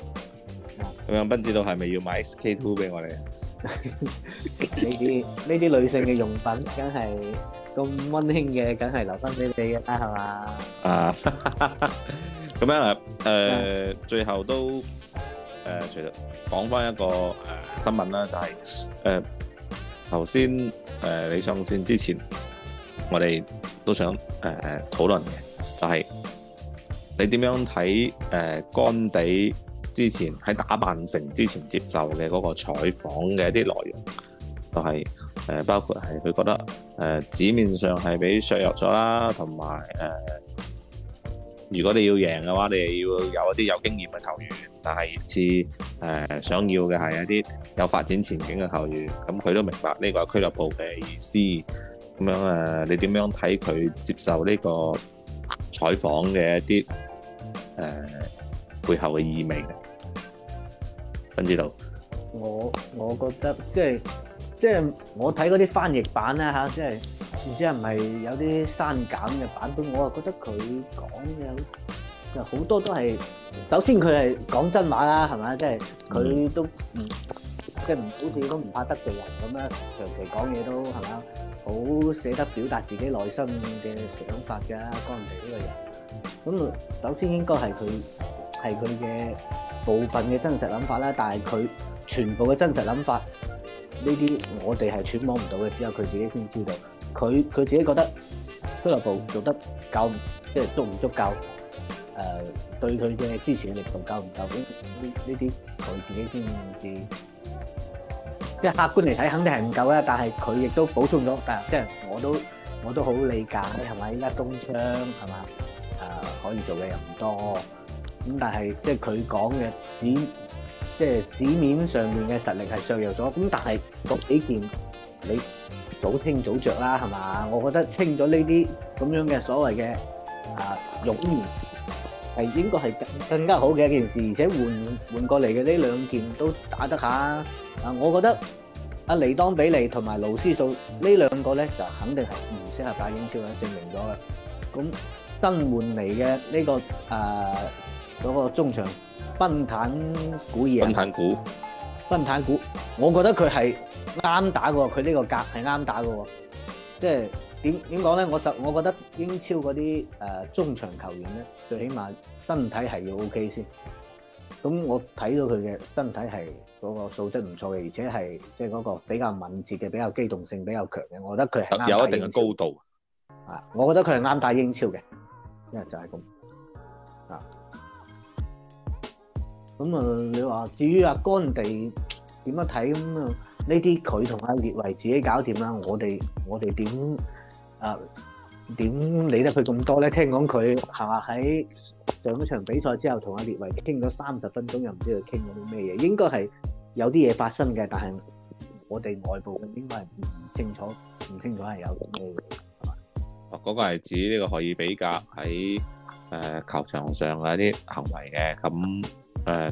咁樣不知道係咪要買 SK-II 俾我哋啊？呢啲呢啲女性嘅用品，梗係咁溫馨嘅，梗係留翻俾你嘅啦，係嘛？啊，咁樣誒，最後都誒，其實講翻一個新聞啦，就係誒頭先誒你上線之前，我哋都想誒誒討論嘅，就係你點樣睇誒干地？之前喺打曼城之前接受嘅嗰個採訪嘅一啲內容，就係、是、誒、呃、包括係佢覺得誒紙、呃、面上係俾削弱咗啦，同埋誒如果你要贏嘅話，你要有一啲有經驗嘅球員，但係似誒想要嘅係一啲有發展前景嘅球員，咁佢都明白呢個係俱樂部嘅意思。咁樣誒、呃、你點樣睇佢接受呢個採訪嘅一啲誒、呃、背後嘅意味？唔知道，我我覺得即係即係我睇嗰啲翻譯版咧嚇，即係唔知係唔係有啲刪減嘅版本，我啊覺得佢講嘅好多都係，首先佢係講真話啦，係咪？即係佢都即係唔好似都唔怕得罪人咁樣，長期講嘢都係咪，好捨得表達自己內心嘅想法㗎，干地呢個人。咁首先應該係佢係佢嘅。部分嘅真實諗法啦，但係佢全部嘅真實諗法呢啲，這些我哋係揣摩唔到嘅，只有佢自己先知道。佢佢自己覺得俱樂部做得夠，即係足唔足夠？誒、呃，對佢嘅支持力度夠唔夠？咁呢啲佢自己先知。即係客觀嚟睇，肯定係唔夠啦。但係佢亦都補充咗，但即係我都我都好理解，係咪？依家中槍係嘛？誒、呃，可以做嘅又唔多。咁但係即係佢講嘅紙，即係紙面上面嘅實力係削弱咗。咁但係嗰幾件你早清早著啦，係嘛？我覺得清咗呢啲咁樣嘅所謂嘅啊冗員係應該係更更加好嘅一件事，而且換換過嚟嘅呢兩件都打得下啊！我覺得阿尼當比利同埋勞斯數呢兩個咧就肯定係唔適合打英超嘅，證明咗嘅。咁新換嚟嘅呢個啊～嗰個中場賓坦古爾！賓坦古，賓坦古，我覺得佢係啱打嘅喎，佢呢個格係啱打嘅喎。即係點點講咧？我就我覺得英超嗰啲誒中場球員咧，最起碼身體係要 OK 先。咁我睇到佢嘅身體係嗰、嗰個素質唔錯嘅，而且係即係嗰個比較敏捷嘅、比較機動性比較強嘅，我覺得佢係啱。有一定嘅高度。啊，我覺得佢係啱打英超嘅，因為就係、是、咁啊。咁啊、嗯，你話至於阿干地點樣睇咁啊？呢啲佢同阿列維自己搞掂啦，我哋我哋點啊點理得佢咁多咧？聽講佢下喺上一場比賽之後同阿列維傾咗三十分鐘，又唔知佢傾咗啲咩嘢，應該係有啲嘢發生嘅，但係我哋外部應該係唔清楚，唔清楚係有咩嘅。啊，嗰個係指呢個荷爾比格喺，誒、呃、球場上嘅一啲行為嘅，咁誒，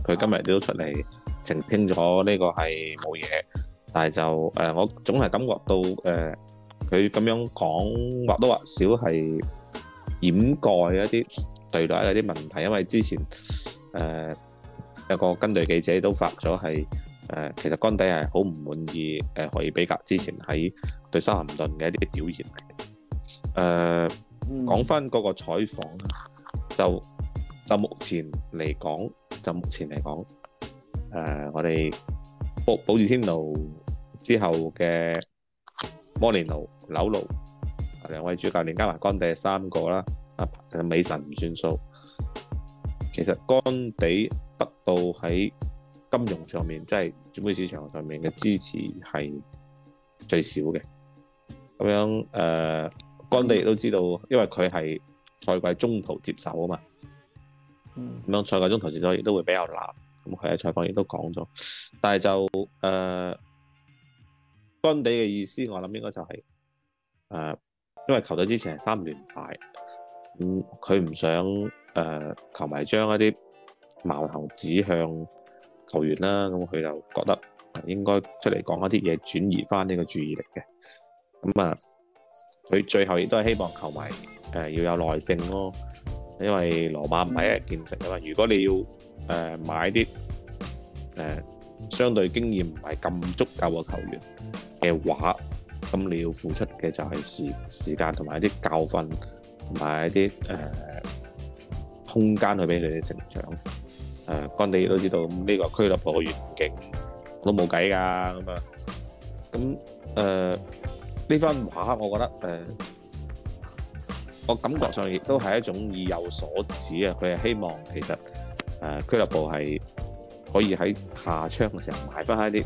佢、呃、今日都出嚟澄清咗呢個係冇嘢，但係就誒、呃，我總係感覺到誒佢咁樣講或多或少係掩蓋一啲隊內一啲問題，因為之前誒、呃、有個跟隊記者都發咗係誒，其實干地係好唔滿意誒，可、呃、以比較之前喺對修咸頓嘅一啲表現。誒講翻嗰個採訪。就就目前嚟講，就目前來講誒、呃，我哋保保住天奴之後嘅摩連奴、紐奴兩位主教練加埋乾地三個啦，阿美神唔算數。其實乾地得到喺金融上面，即係轉會市場上面嘅支持係最少嘅。咁樣，呃，乾地也都知道，因為佢係。賽季中途接手啊嘛，咁樣賽季中途接手亦都會比較難。咁佢喺採訪亦都講咗，但係就誒，乾地嘅意思我諗應該就係、是、誒、呃，因為球隊之前係三連敗，咁佢唔想誒、呃，球迷將一啲矛頭指向球員啦，咁佢就覺得應該出嚟講一啲嘢轉移翻呢個注意力嘅。咁、嗯、啊，佢、呃、最後亦都係希望球迷。誒要有耐性咯，因為羅馬唔係一日建成啊嘛。如果你要誒買啲誒相對經驗唔係咁足夠嘅球員嘅話，咁你要付出嘅就係時時間同埋一啲教訓同埋一啲誒空間去俾佢哋成長。誒，干地都知道，咁呢個俱樂部嘅願景都冇計㗎咁啊。咁誒呢番話，我覺得誒。我感覺上亦都係一種意有所指啊！佢係希望其實誒俱樂部係可以喺下窗嘅時候買翻一啲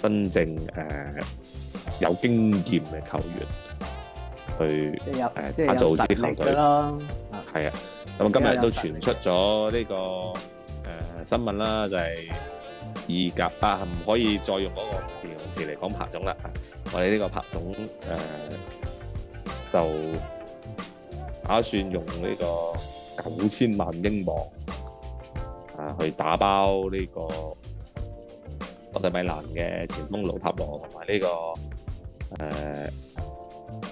真正誒、呃、有經驗嘅球員去誒打造支球隊咯。係啊，咁今日都傳出咗呢、這個誒、呃、新聞啦，就係、是、意甲啊，唔可以再用嗰個用詞嚟講柏總啦。我哋呢個柏總誒、呃、就。打算用呢個九千萬英鎊啊，去打包呢個國際米蘭嘅前鋒魯塔羅同埋呢個、呃、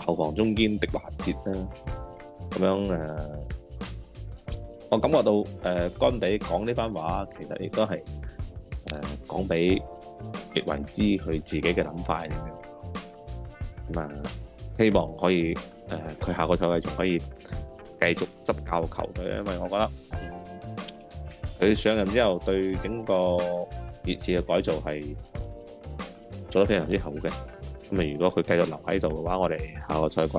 後防中堅的華捷啦。咁樣、呃、我感覺到誒，干、呃、地講呢番話其實應該係誒講俾迪維茲佢自己嘅諗法，希望可以。誒，佢、呃、下個賽季仲可以繼續執教球隊，因為我覺得佢上任之後對整個熱刺嘅改造係做得非常之好嘅。咁啊，如果佢繼續留喺度嘅話，我哋下個賽季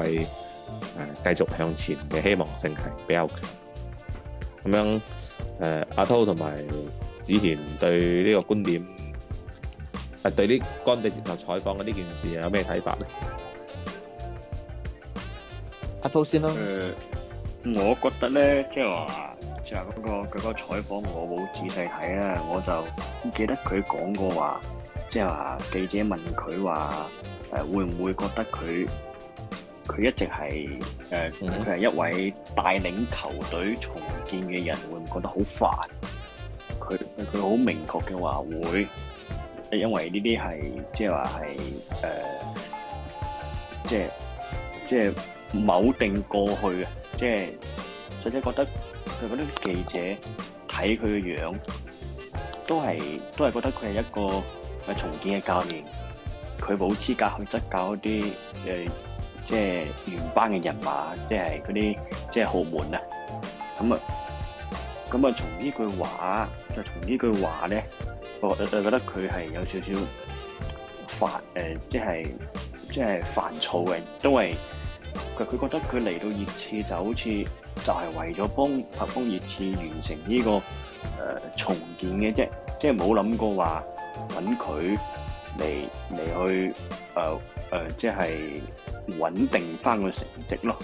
誒繼續向前嘅希望性係比較強。咁樣誒、呃，阿濤同埋子賢對呢個觀點，誒、呃、對呢干地接受採訪嘅呢件事有咩睇法咧？阿濤先咯。誒、呃，我覺得咧，即係話，即係嗰個嗰個採訪，我冇仔細睇啦，我就記得佢講過話，即係話記者問佢話，誒、呃、會唔會覺得佢佢一直係誒，佢、呃、係、嗯、一位帶領球隊重建嘅人，會唔覺得好煩？佢佢好明確嘅話會，因為呢啲係即係話係誒，即係即係。呃就是否定過去嘅，即係實際覺得佢嗰啲記者睇佢嘅樣，都係都係覺得佢係一個嘅重建嘅教練，佢冇資格去執教一啲誒，即係原班嘅人馬，即係嗰啲即係豪門啊！咁啊，咁啊，從呢句話，就從呢句話咧，我我覺得佢係有少少煩誒，即係即係煩躁嘅，都係。佢佢覺得佢嚟到熱刺就好似就係為咗幫幫熱刺完成呢、這個誒、呃、重建嘅啫，即係冇諗過話揾佢嚟嚟去誒誒、呃呃，即係穩定翻個成績咯。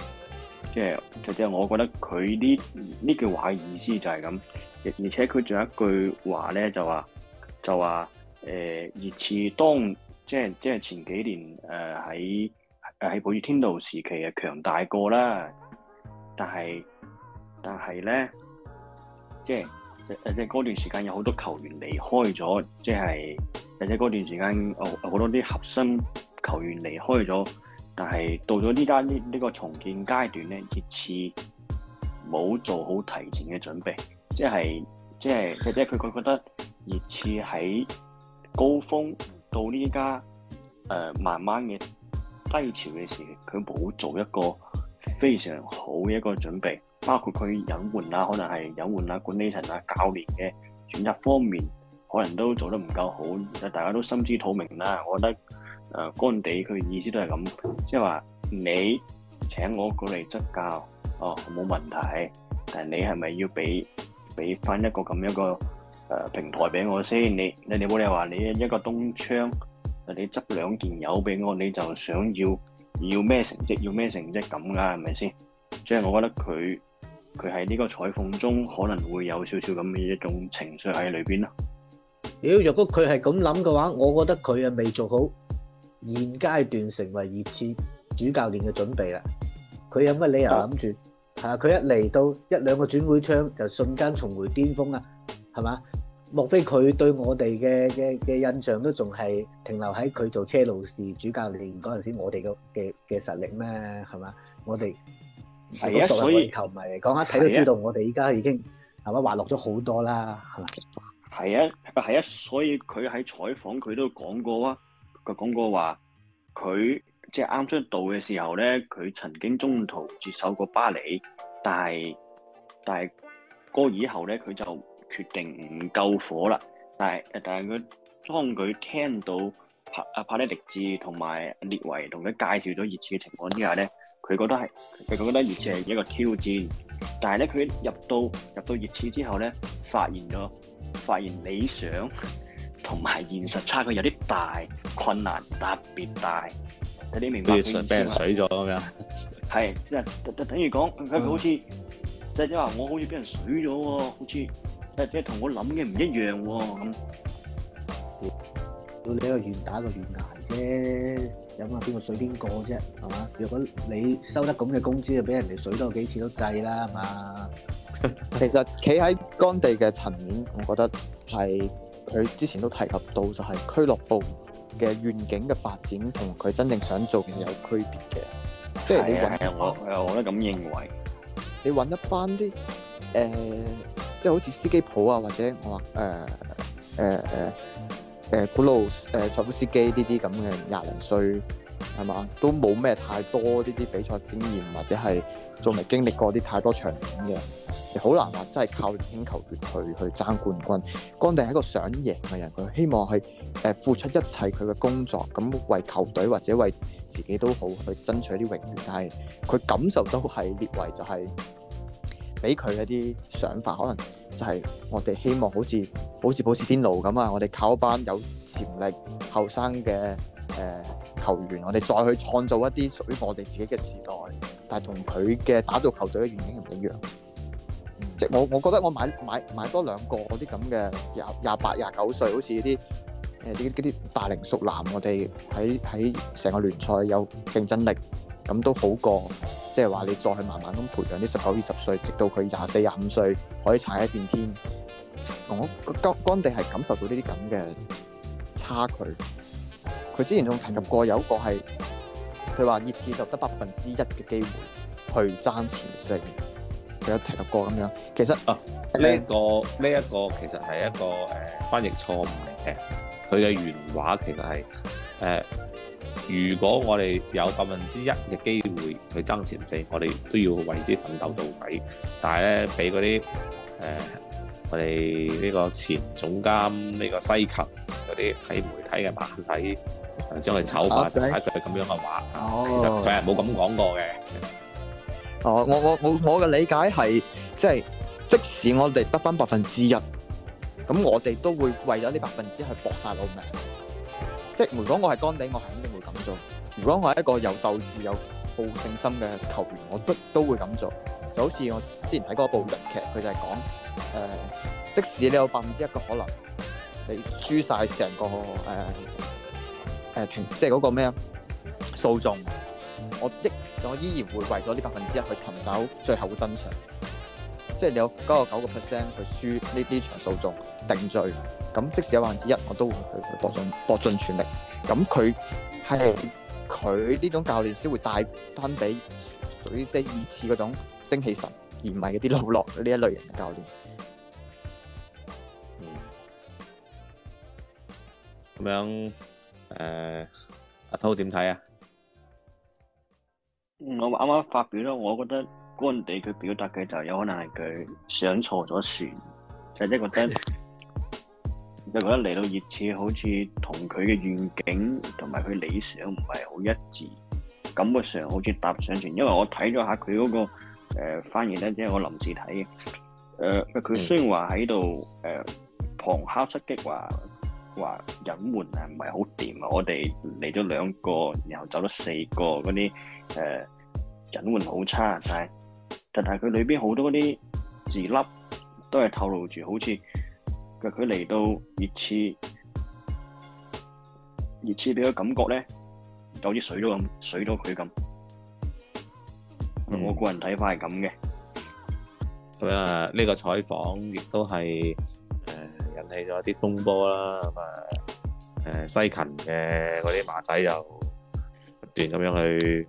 即係即係，就是、我覺得佢呢呢句話嘅意思就係咁。而且佢仲有一句話咧，就話就話誒、呃、熱刺當即係即係前幾年誒喺。呃誒，喺保天奴時期誒強大過啦，但係但係咧，即係誒即係嗰段時間有好多球員離開咗，即係或者嗰段時間，有好多啲核心球員離開咗，但係到咗依家呢呢個重建階段咧，熱刺冇做好提前嘅準備，即係即係，或者佢佢覺得熱刺喺高峰到呢家誒慢慢嘅。低潮嘅時候，佢冇做一個非常好嘅一個準備，包括佢引援啦，可能係引援啊、管理層啊、教練嘅選擇方面，可能都做得唔夠好。其實大家都心知肚明啦。我覺得，誒、呃，干地佢意思都係咁，即係話你請我過嚟執教，哦，冇問題。但係你係咪要俾俾翻一個咁樣個誒、呃、平台俾我先？你你你冇理由話你一個東窗，你執兩件油俾我，你就想要要咩成績，要咩成績咁噶，係咪先？即係我覺得佢佢喺呢個採訪中可能會有少少咁嘅一種情緒喺裏邊咯。妖，若果佢係咁諗嘅話，我覺得佢啊未做好現階段成為熱刺主教練嘅準備啦。佢有乜理由諗住？啊，佢 一嚟到一兩個轉會窗就瞬間重回巔峰啊？係嘛？莫非佢對我哋嘅嘅嘅印象都仲係停留喺佢做車路士主教練嗰陣時我的的實力嗎是，我哋嘅嘅嘅實力咩？係嘛、啊？了我哋係啊，所以球迷嚟講一睇都知道，我哋依家已經係咪滑落咗好多啦？係咪？係啊，係啊，所以佢喺採訪，佢都講過啊，佢講過話，佢即係啱出道嘅時候咧，佢曾經中途接手過巴黎，但係但係過以後咧，佢就。決定唔夠火啦，但係但係佢當佢聽到帕阿帕拉迪治同埋列維同佢介紹咗熱刺嘅情況之下咧，佢覺得係佢覺得熱刺係一個挑戰，但係咧佢入到入到熱刺之後咧，發現咗發現理想同埋現實差距有啲大，困難特別大，睇你明白。俾人水咗咁樣，係即係等等，等於講佢好似即係即係話，我好似俾人水咗喎，好似。誒，即係同我諗嘅唔一樣喎，咁要打個願打個願挨啫，有乜邊個水邊個啫，係嘛？如果你收得咁嘅工資，就俾人哋水多幾次都制啦，係嘛？其實企喺干地嘅層面，我覺得係佢之前都提及到，就係俱樂部嘅願景嘅發展同佢真正想做嘅有區別嘅，即係你揾我，誒，我都咁認為。你揾一班啲誒。.即係好似司機普啊，或者我話誒誒誒誒高路誒、呃、塞夫斯基呢啲咁嘅廿零歲，係嘛？都冇咩太多呢啲比賽經驗，或者係仲未經歷過啲太多場面嘅，好難話真係靠年輕球員去去爭冠軍，干地係一個想贏嘅人，佢希望係誒、呃、付出一切佢嘅工作，咁為球隊或者為自己都好去爭取啲榮譽，但係佢感受都係列為就係、是。俾佢一啲想法，可能就係我哋希望好似好似保持天奴咁啊！我哋靠一班有潛力後生嘅誒球員，我哋再去創造一啲屬於我哋自己嘅時代。但係同佢嘅打造球隊嘅原因唔一樣。嗯、即我我覺得我買買買多兩個嗰啲咁嘅廿廿八廿九歲，好似啲誒啲啲大齡熟男，我哋喺喺成個聯賽有競爭力。咁都好過，即係話你再去慢慢咁培養啲十九二十歲，直到佢廿四廿五歲，可以踩一片天。我干干地係感受到呢啲咁嘅差距。佢之前仲提及過有一個係，佢話熱刺就得百分之一嘅機會去爭前四。佢有提及過咁樣。其實啊，呢、這、一個呢一、嗯、個其實係一個誒、呃、翻譯錯誤嚟嘅。佢、呃、嘅原話其實係誒。呃如果我哋有百分之一嘅機會去爭前四，我哋都要為啲奮鬥到底。但係咧，俾嗰啲誒，我哋呢個前總監呢、這個西芹嗰啲喺媒體嘅猛使，將佢醜化成咁樣嘅話，其實佢係冇咁講過嘅。哦、oh，我我冇我嘅理解係即係即使我哋得翻百分之一，咁我哋都會為咗呢百分之一去搏晒老命。即、就、係、是、如果我係干地，我肯定。如果我係一個有鬥志、有抱信心嘅球員，我都都會咁做。就好似我之前睇嗰部日劇，佢就係講，誒、呃，即使你有百分之一嘅可能，你輸晒成個誒誒、呃呃、停，即係嗰個咩啊，訴訟，我即我依然會為咗呢百分之一去尋找最後嘅真相。即係你有九個九個 percent 去輸呢啲場數仲定罪，咁即使有萬分之一，我都會去搏盡搏盡全力。咁佢係佢呢種教練先會帶翻俾屬於即係二次嗰種精氣神，而唔係嗰啲老落呢一類型嘅教練。咁、嗯、樣誒、呃，阿濤點睇啊？嗯、我啱啱發表咗我覺得。干地佢表達嘅就有可能係佢上錯咗船，就即係覺得，就覺得嚟到熱刺好似同佢嘅願景同埋佢理想唔係好一致，感覺上好似搭上船。因為我睇咗下佢嗰個誒翻譯咧，即係我臨時睇，誒佢雖然話喺度誒旁敲側擊話話隱瞞啊唔係好掂啊，我哋嚟咗兩個，然後走咗四個，嗰啲誒隱瞞好差曬。但但係佢裏邊好多嗰啲字粒都係透露住，好似佢嚟到熱刺，熱刺俾個感覺咧，就好似水咗咁，水咗佢咁。嗯、我個人睇法係咁嘅。咁啊、嗯，呢、呢個採訪亦都係誒、嗯、引起咗一啲風波啦。咁、嗯、啊，誒、嗯、西芹嘅嗰啲馬仔又不斷咁樣去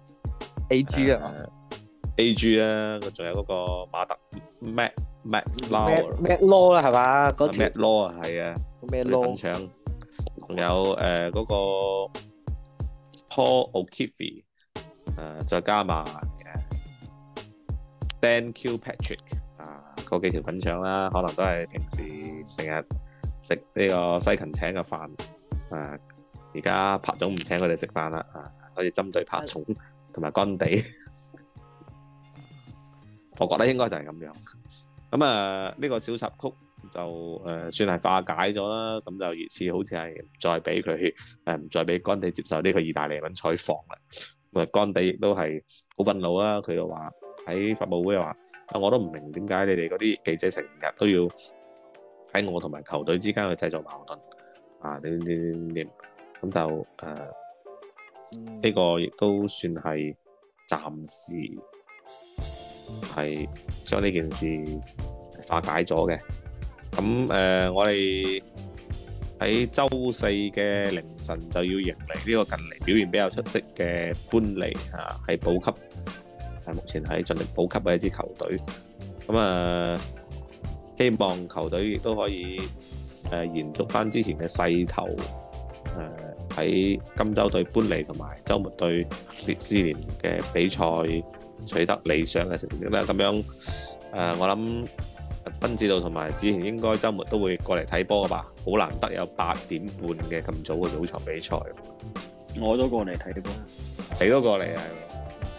A G 啊。R A.G. 啦，仲有嗰個馬特 Matt Matt Law 啦，係嘛？Matt Law 啊，係啊，條粉拉腸，仲有誒嗰、呃那個 Paul O'Keeffe 再、呃、加埋誒、嗯 uh, Dan Kilpatrick 啊，嗰幾條粉腸啦、啊，可能都係平時成日食呢個西芹請嘅飯啊，而家拍總唔請佢哋食飯啦啊，可以針對拍總同埋幹地。我覺得應該就係咁樣，咁啊呢個小插曲就誒、呃、算係化解咗啦，咁就於是好似係再俾佢誒唔再俾干地接受呢個意大利文採訪啦，咁啊干地亦都係好憤怒啊。佢又話喺發佈會又話啊、呃、我都唔明點解你哋嗰啲記者成日都要喺我同埋球隊之間去製造矛盾啊，點點點點咁就誒呢、呃嗯、個亦都算係暫時，係將呢件事化解咗嘅，咁誒，我哋喺周四嘅凌晨就要迎嚟呢個近嚟表現比較出色嘅搬嚟吓，係補級，但係目前喺盡力補級嘅一支球隊，咁啊，希望球隊亦都可以誒延續翻之前嘅勢頭，誒喺今周對搬嚟同埋周末對列斯聯嘅比賽。取得理想嘅成績啦，咁樣誒、呃，我諗斌指導同埋子賢應該周末都會過嚟睇波嘅吧，好難得有八點半嘅咁早嘅早場比賽。我都過嚟睇波，你都過嚟啊！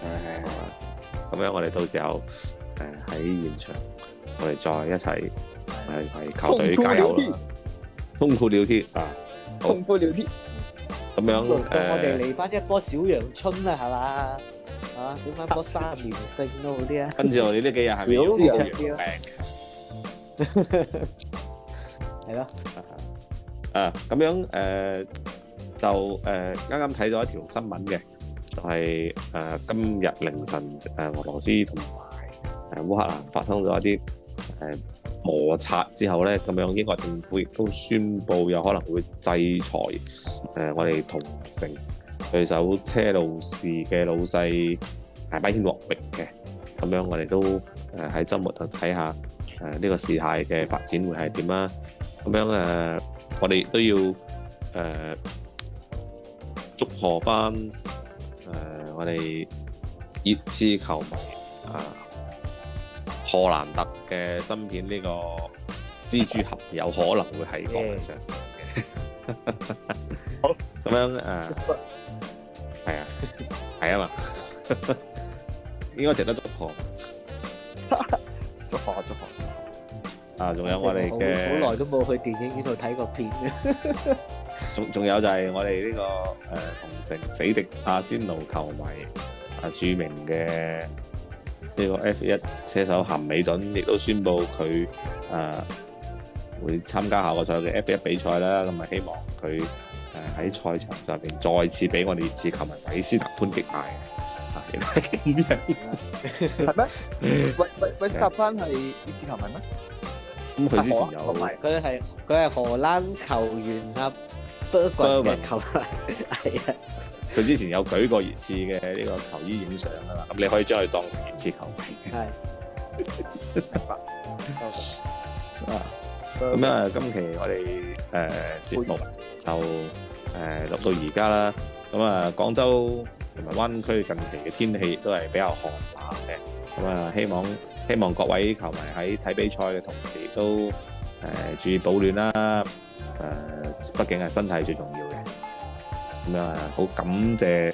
係係，咁吧樣我哋到時候誒喺、呃、現場，我哋再一齊係係球隊加油啦！痛苦了啲，了啊！通褲尿片，咁樣我哋嚟翻一波小陽春啊，係嘛？啊！整翻嗰三連勝都好啲啊！跟住 我哋呢幾日係咪舒暢啲係咯， 是的啊，咁樣誒、呃、就誒啱啱睇咗一條新聞嘅，就係、是、誒、呃、今日凌晨誒、呃、俄羅斯同埋誒烏克蘭發生咗一啲誒摩擦之後咧，咁樣英國政府亦都宣布有可能會制裁誒、呃、我哋同城。對手車路士嘅老細大把錢落盤嘅，咁樣我哋都誒喺週末去睇下誒呢個時態嘅發展會係點啊？咁樣誒，我哋都要誒祝賀翻誒我哋熱刺球迷啊，荷蘭特嘅新片呢個蜘蛛俠有可能會係講緊上嘅。好，咁樣誒。係啊，係啊嘛，應該值得祝賀。祝賀祝賀，啊，仲有我哋嘅好耐都冇去電影院度睇過片。仲仲有就係我哋呢個誒，同城死敵阿仙奴球迷，阿、啊、著名嘅呢個 F 一車手咸美頓亦都宣布佢誒、啊、會參加下個賽嘅 F 一比賽啦，咁、啊、咪希望佢。誒，喺賽場上邊再次俾我哋熱刺球迷韋斯納潘杰帶嘅，係咩？喂喂喂，答翻係熱刺球迷咩？咁佢之前有，佢係佢係荷蘭球員啊，德國球員，係啊，佢之前有舉過熱刺嘅呢個球衣影相噶嘛，咁你可以將佢當成熱刺球迷。係。咁啊，今期我哋誒節目就誒錄、呃、到而家啦。咁、呃、啊，廣州同埋灣區近期嘅天氣都係比較寒冷嘅。咁啊，希望希望各位球迷喺睇比賽嘅同時都誒、呃、注意保暖啦、啊。誒、呃，畢竟係身體最重要嘅。咁、呃、啊，好感謝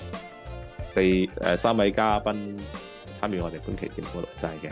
四誒、呃、三位嘉賓參與我哋本期節目錄製嘅。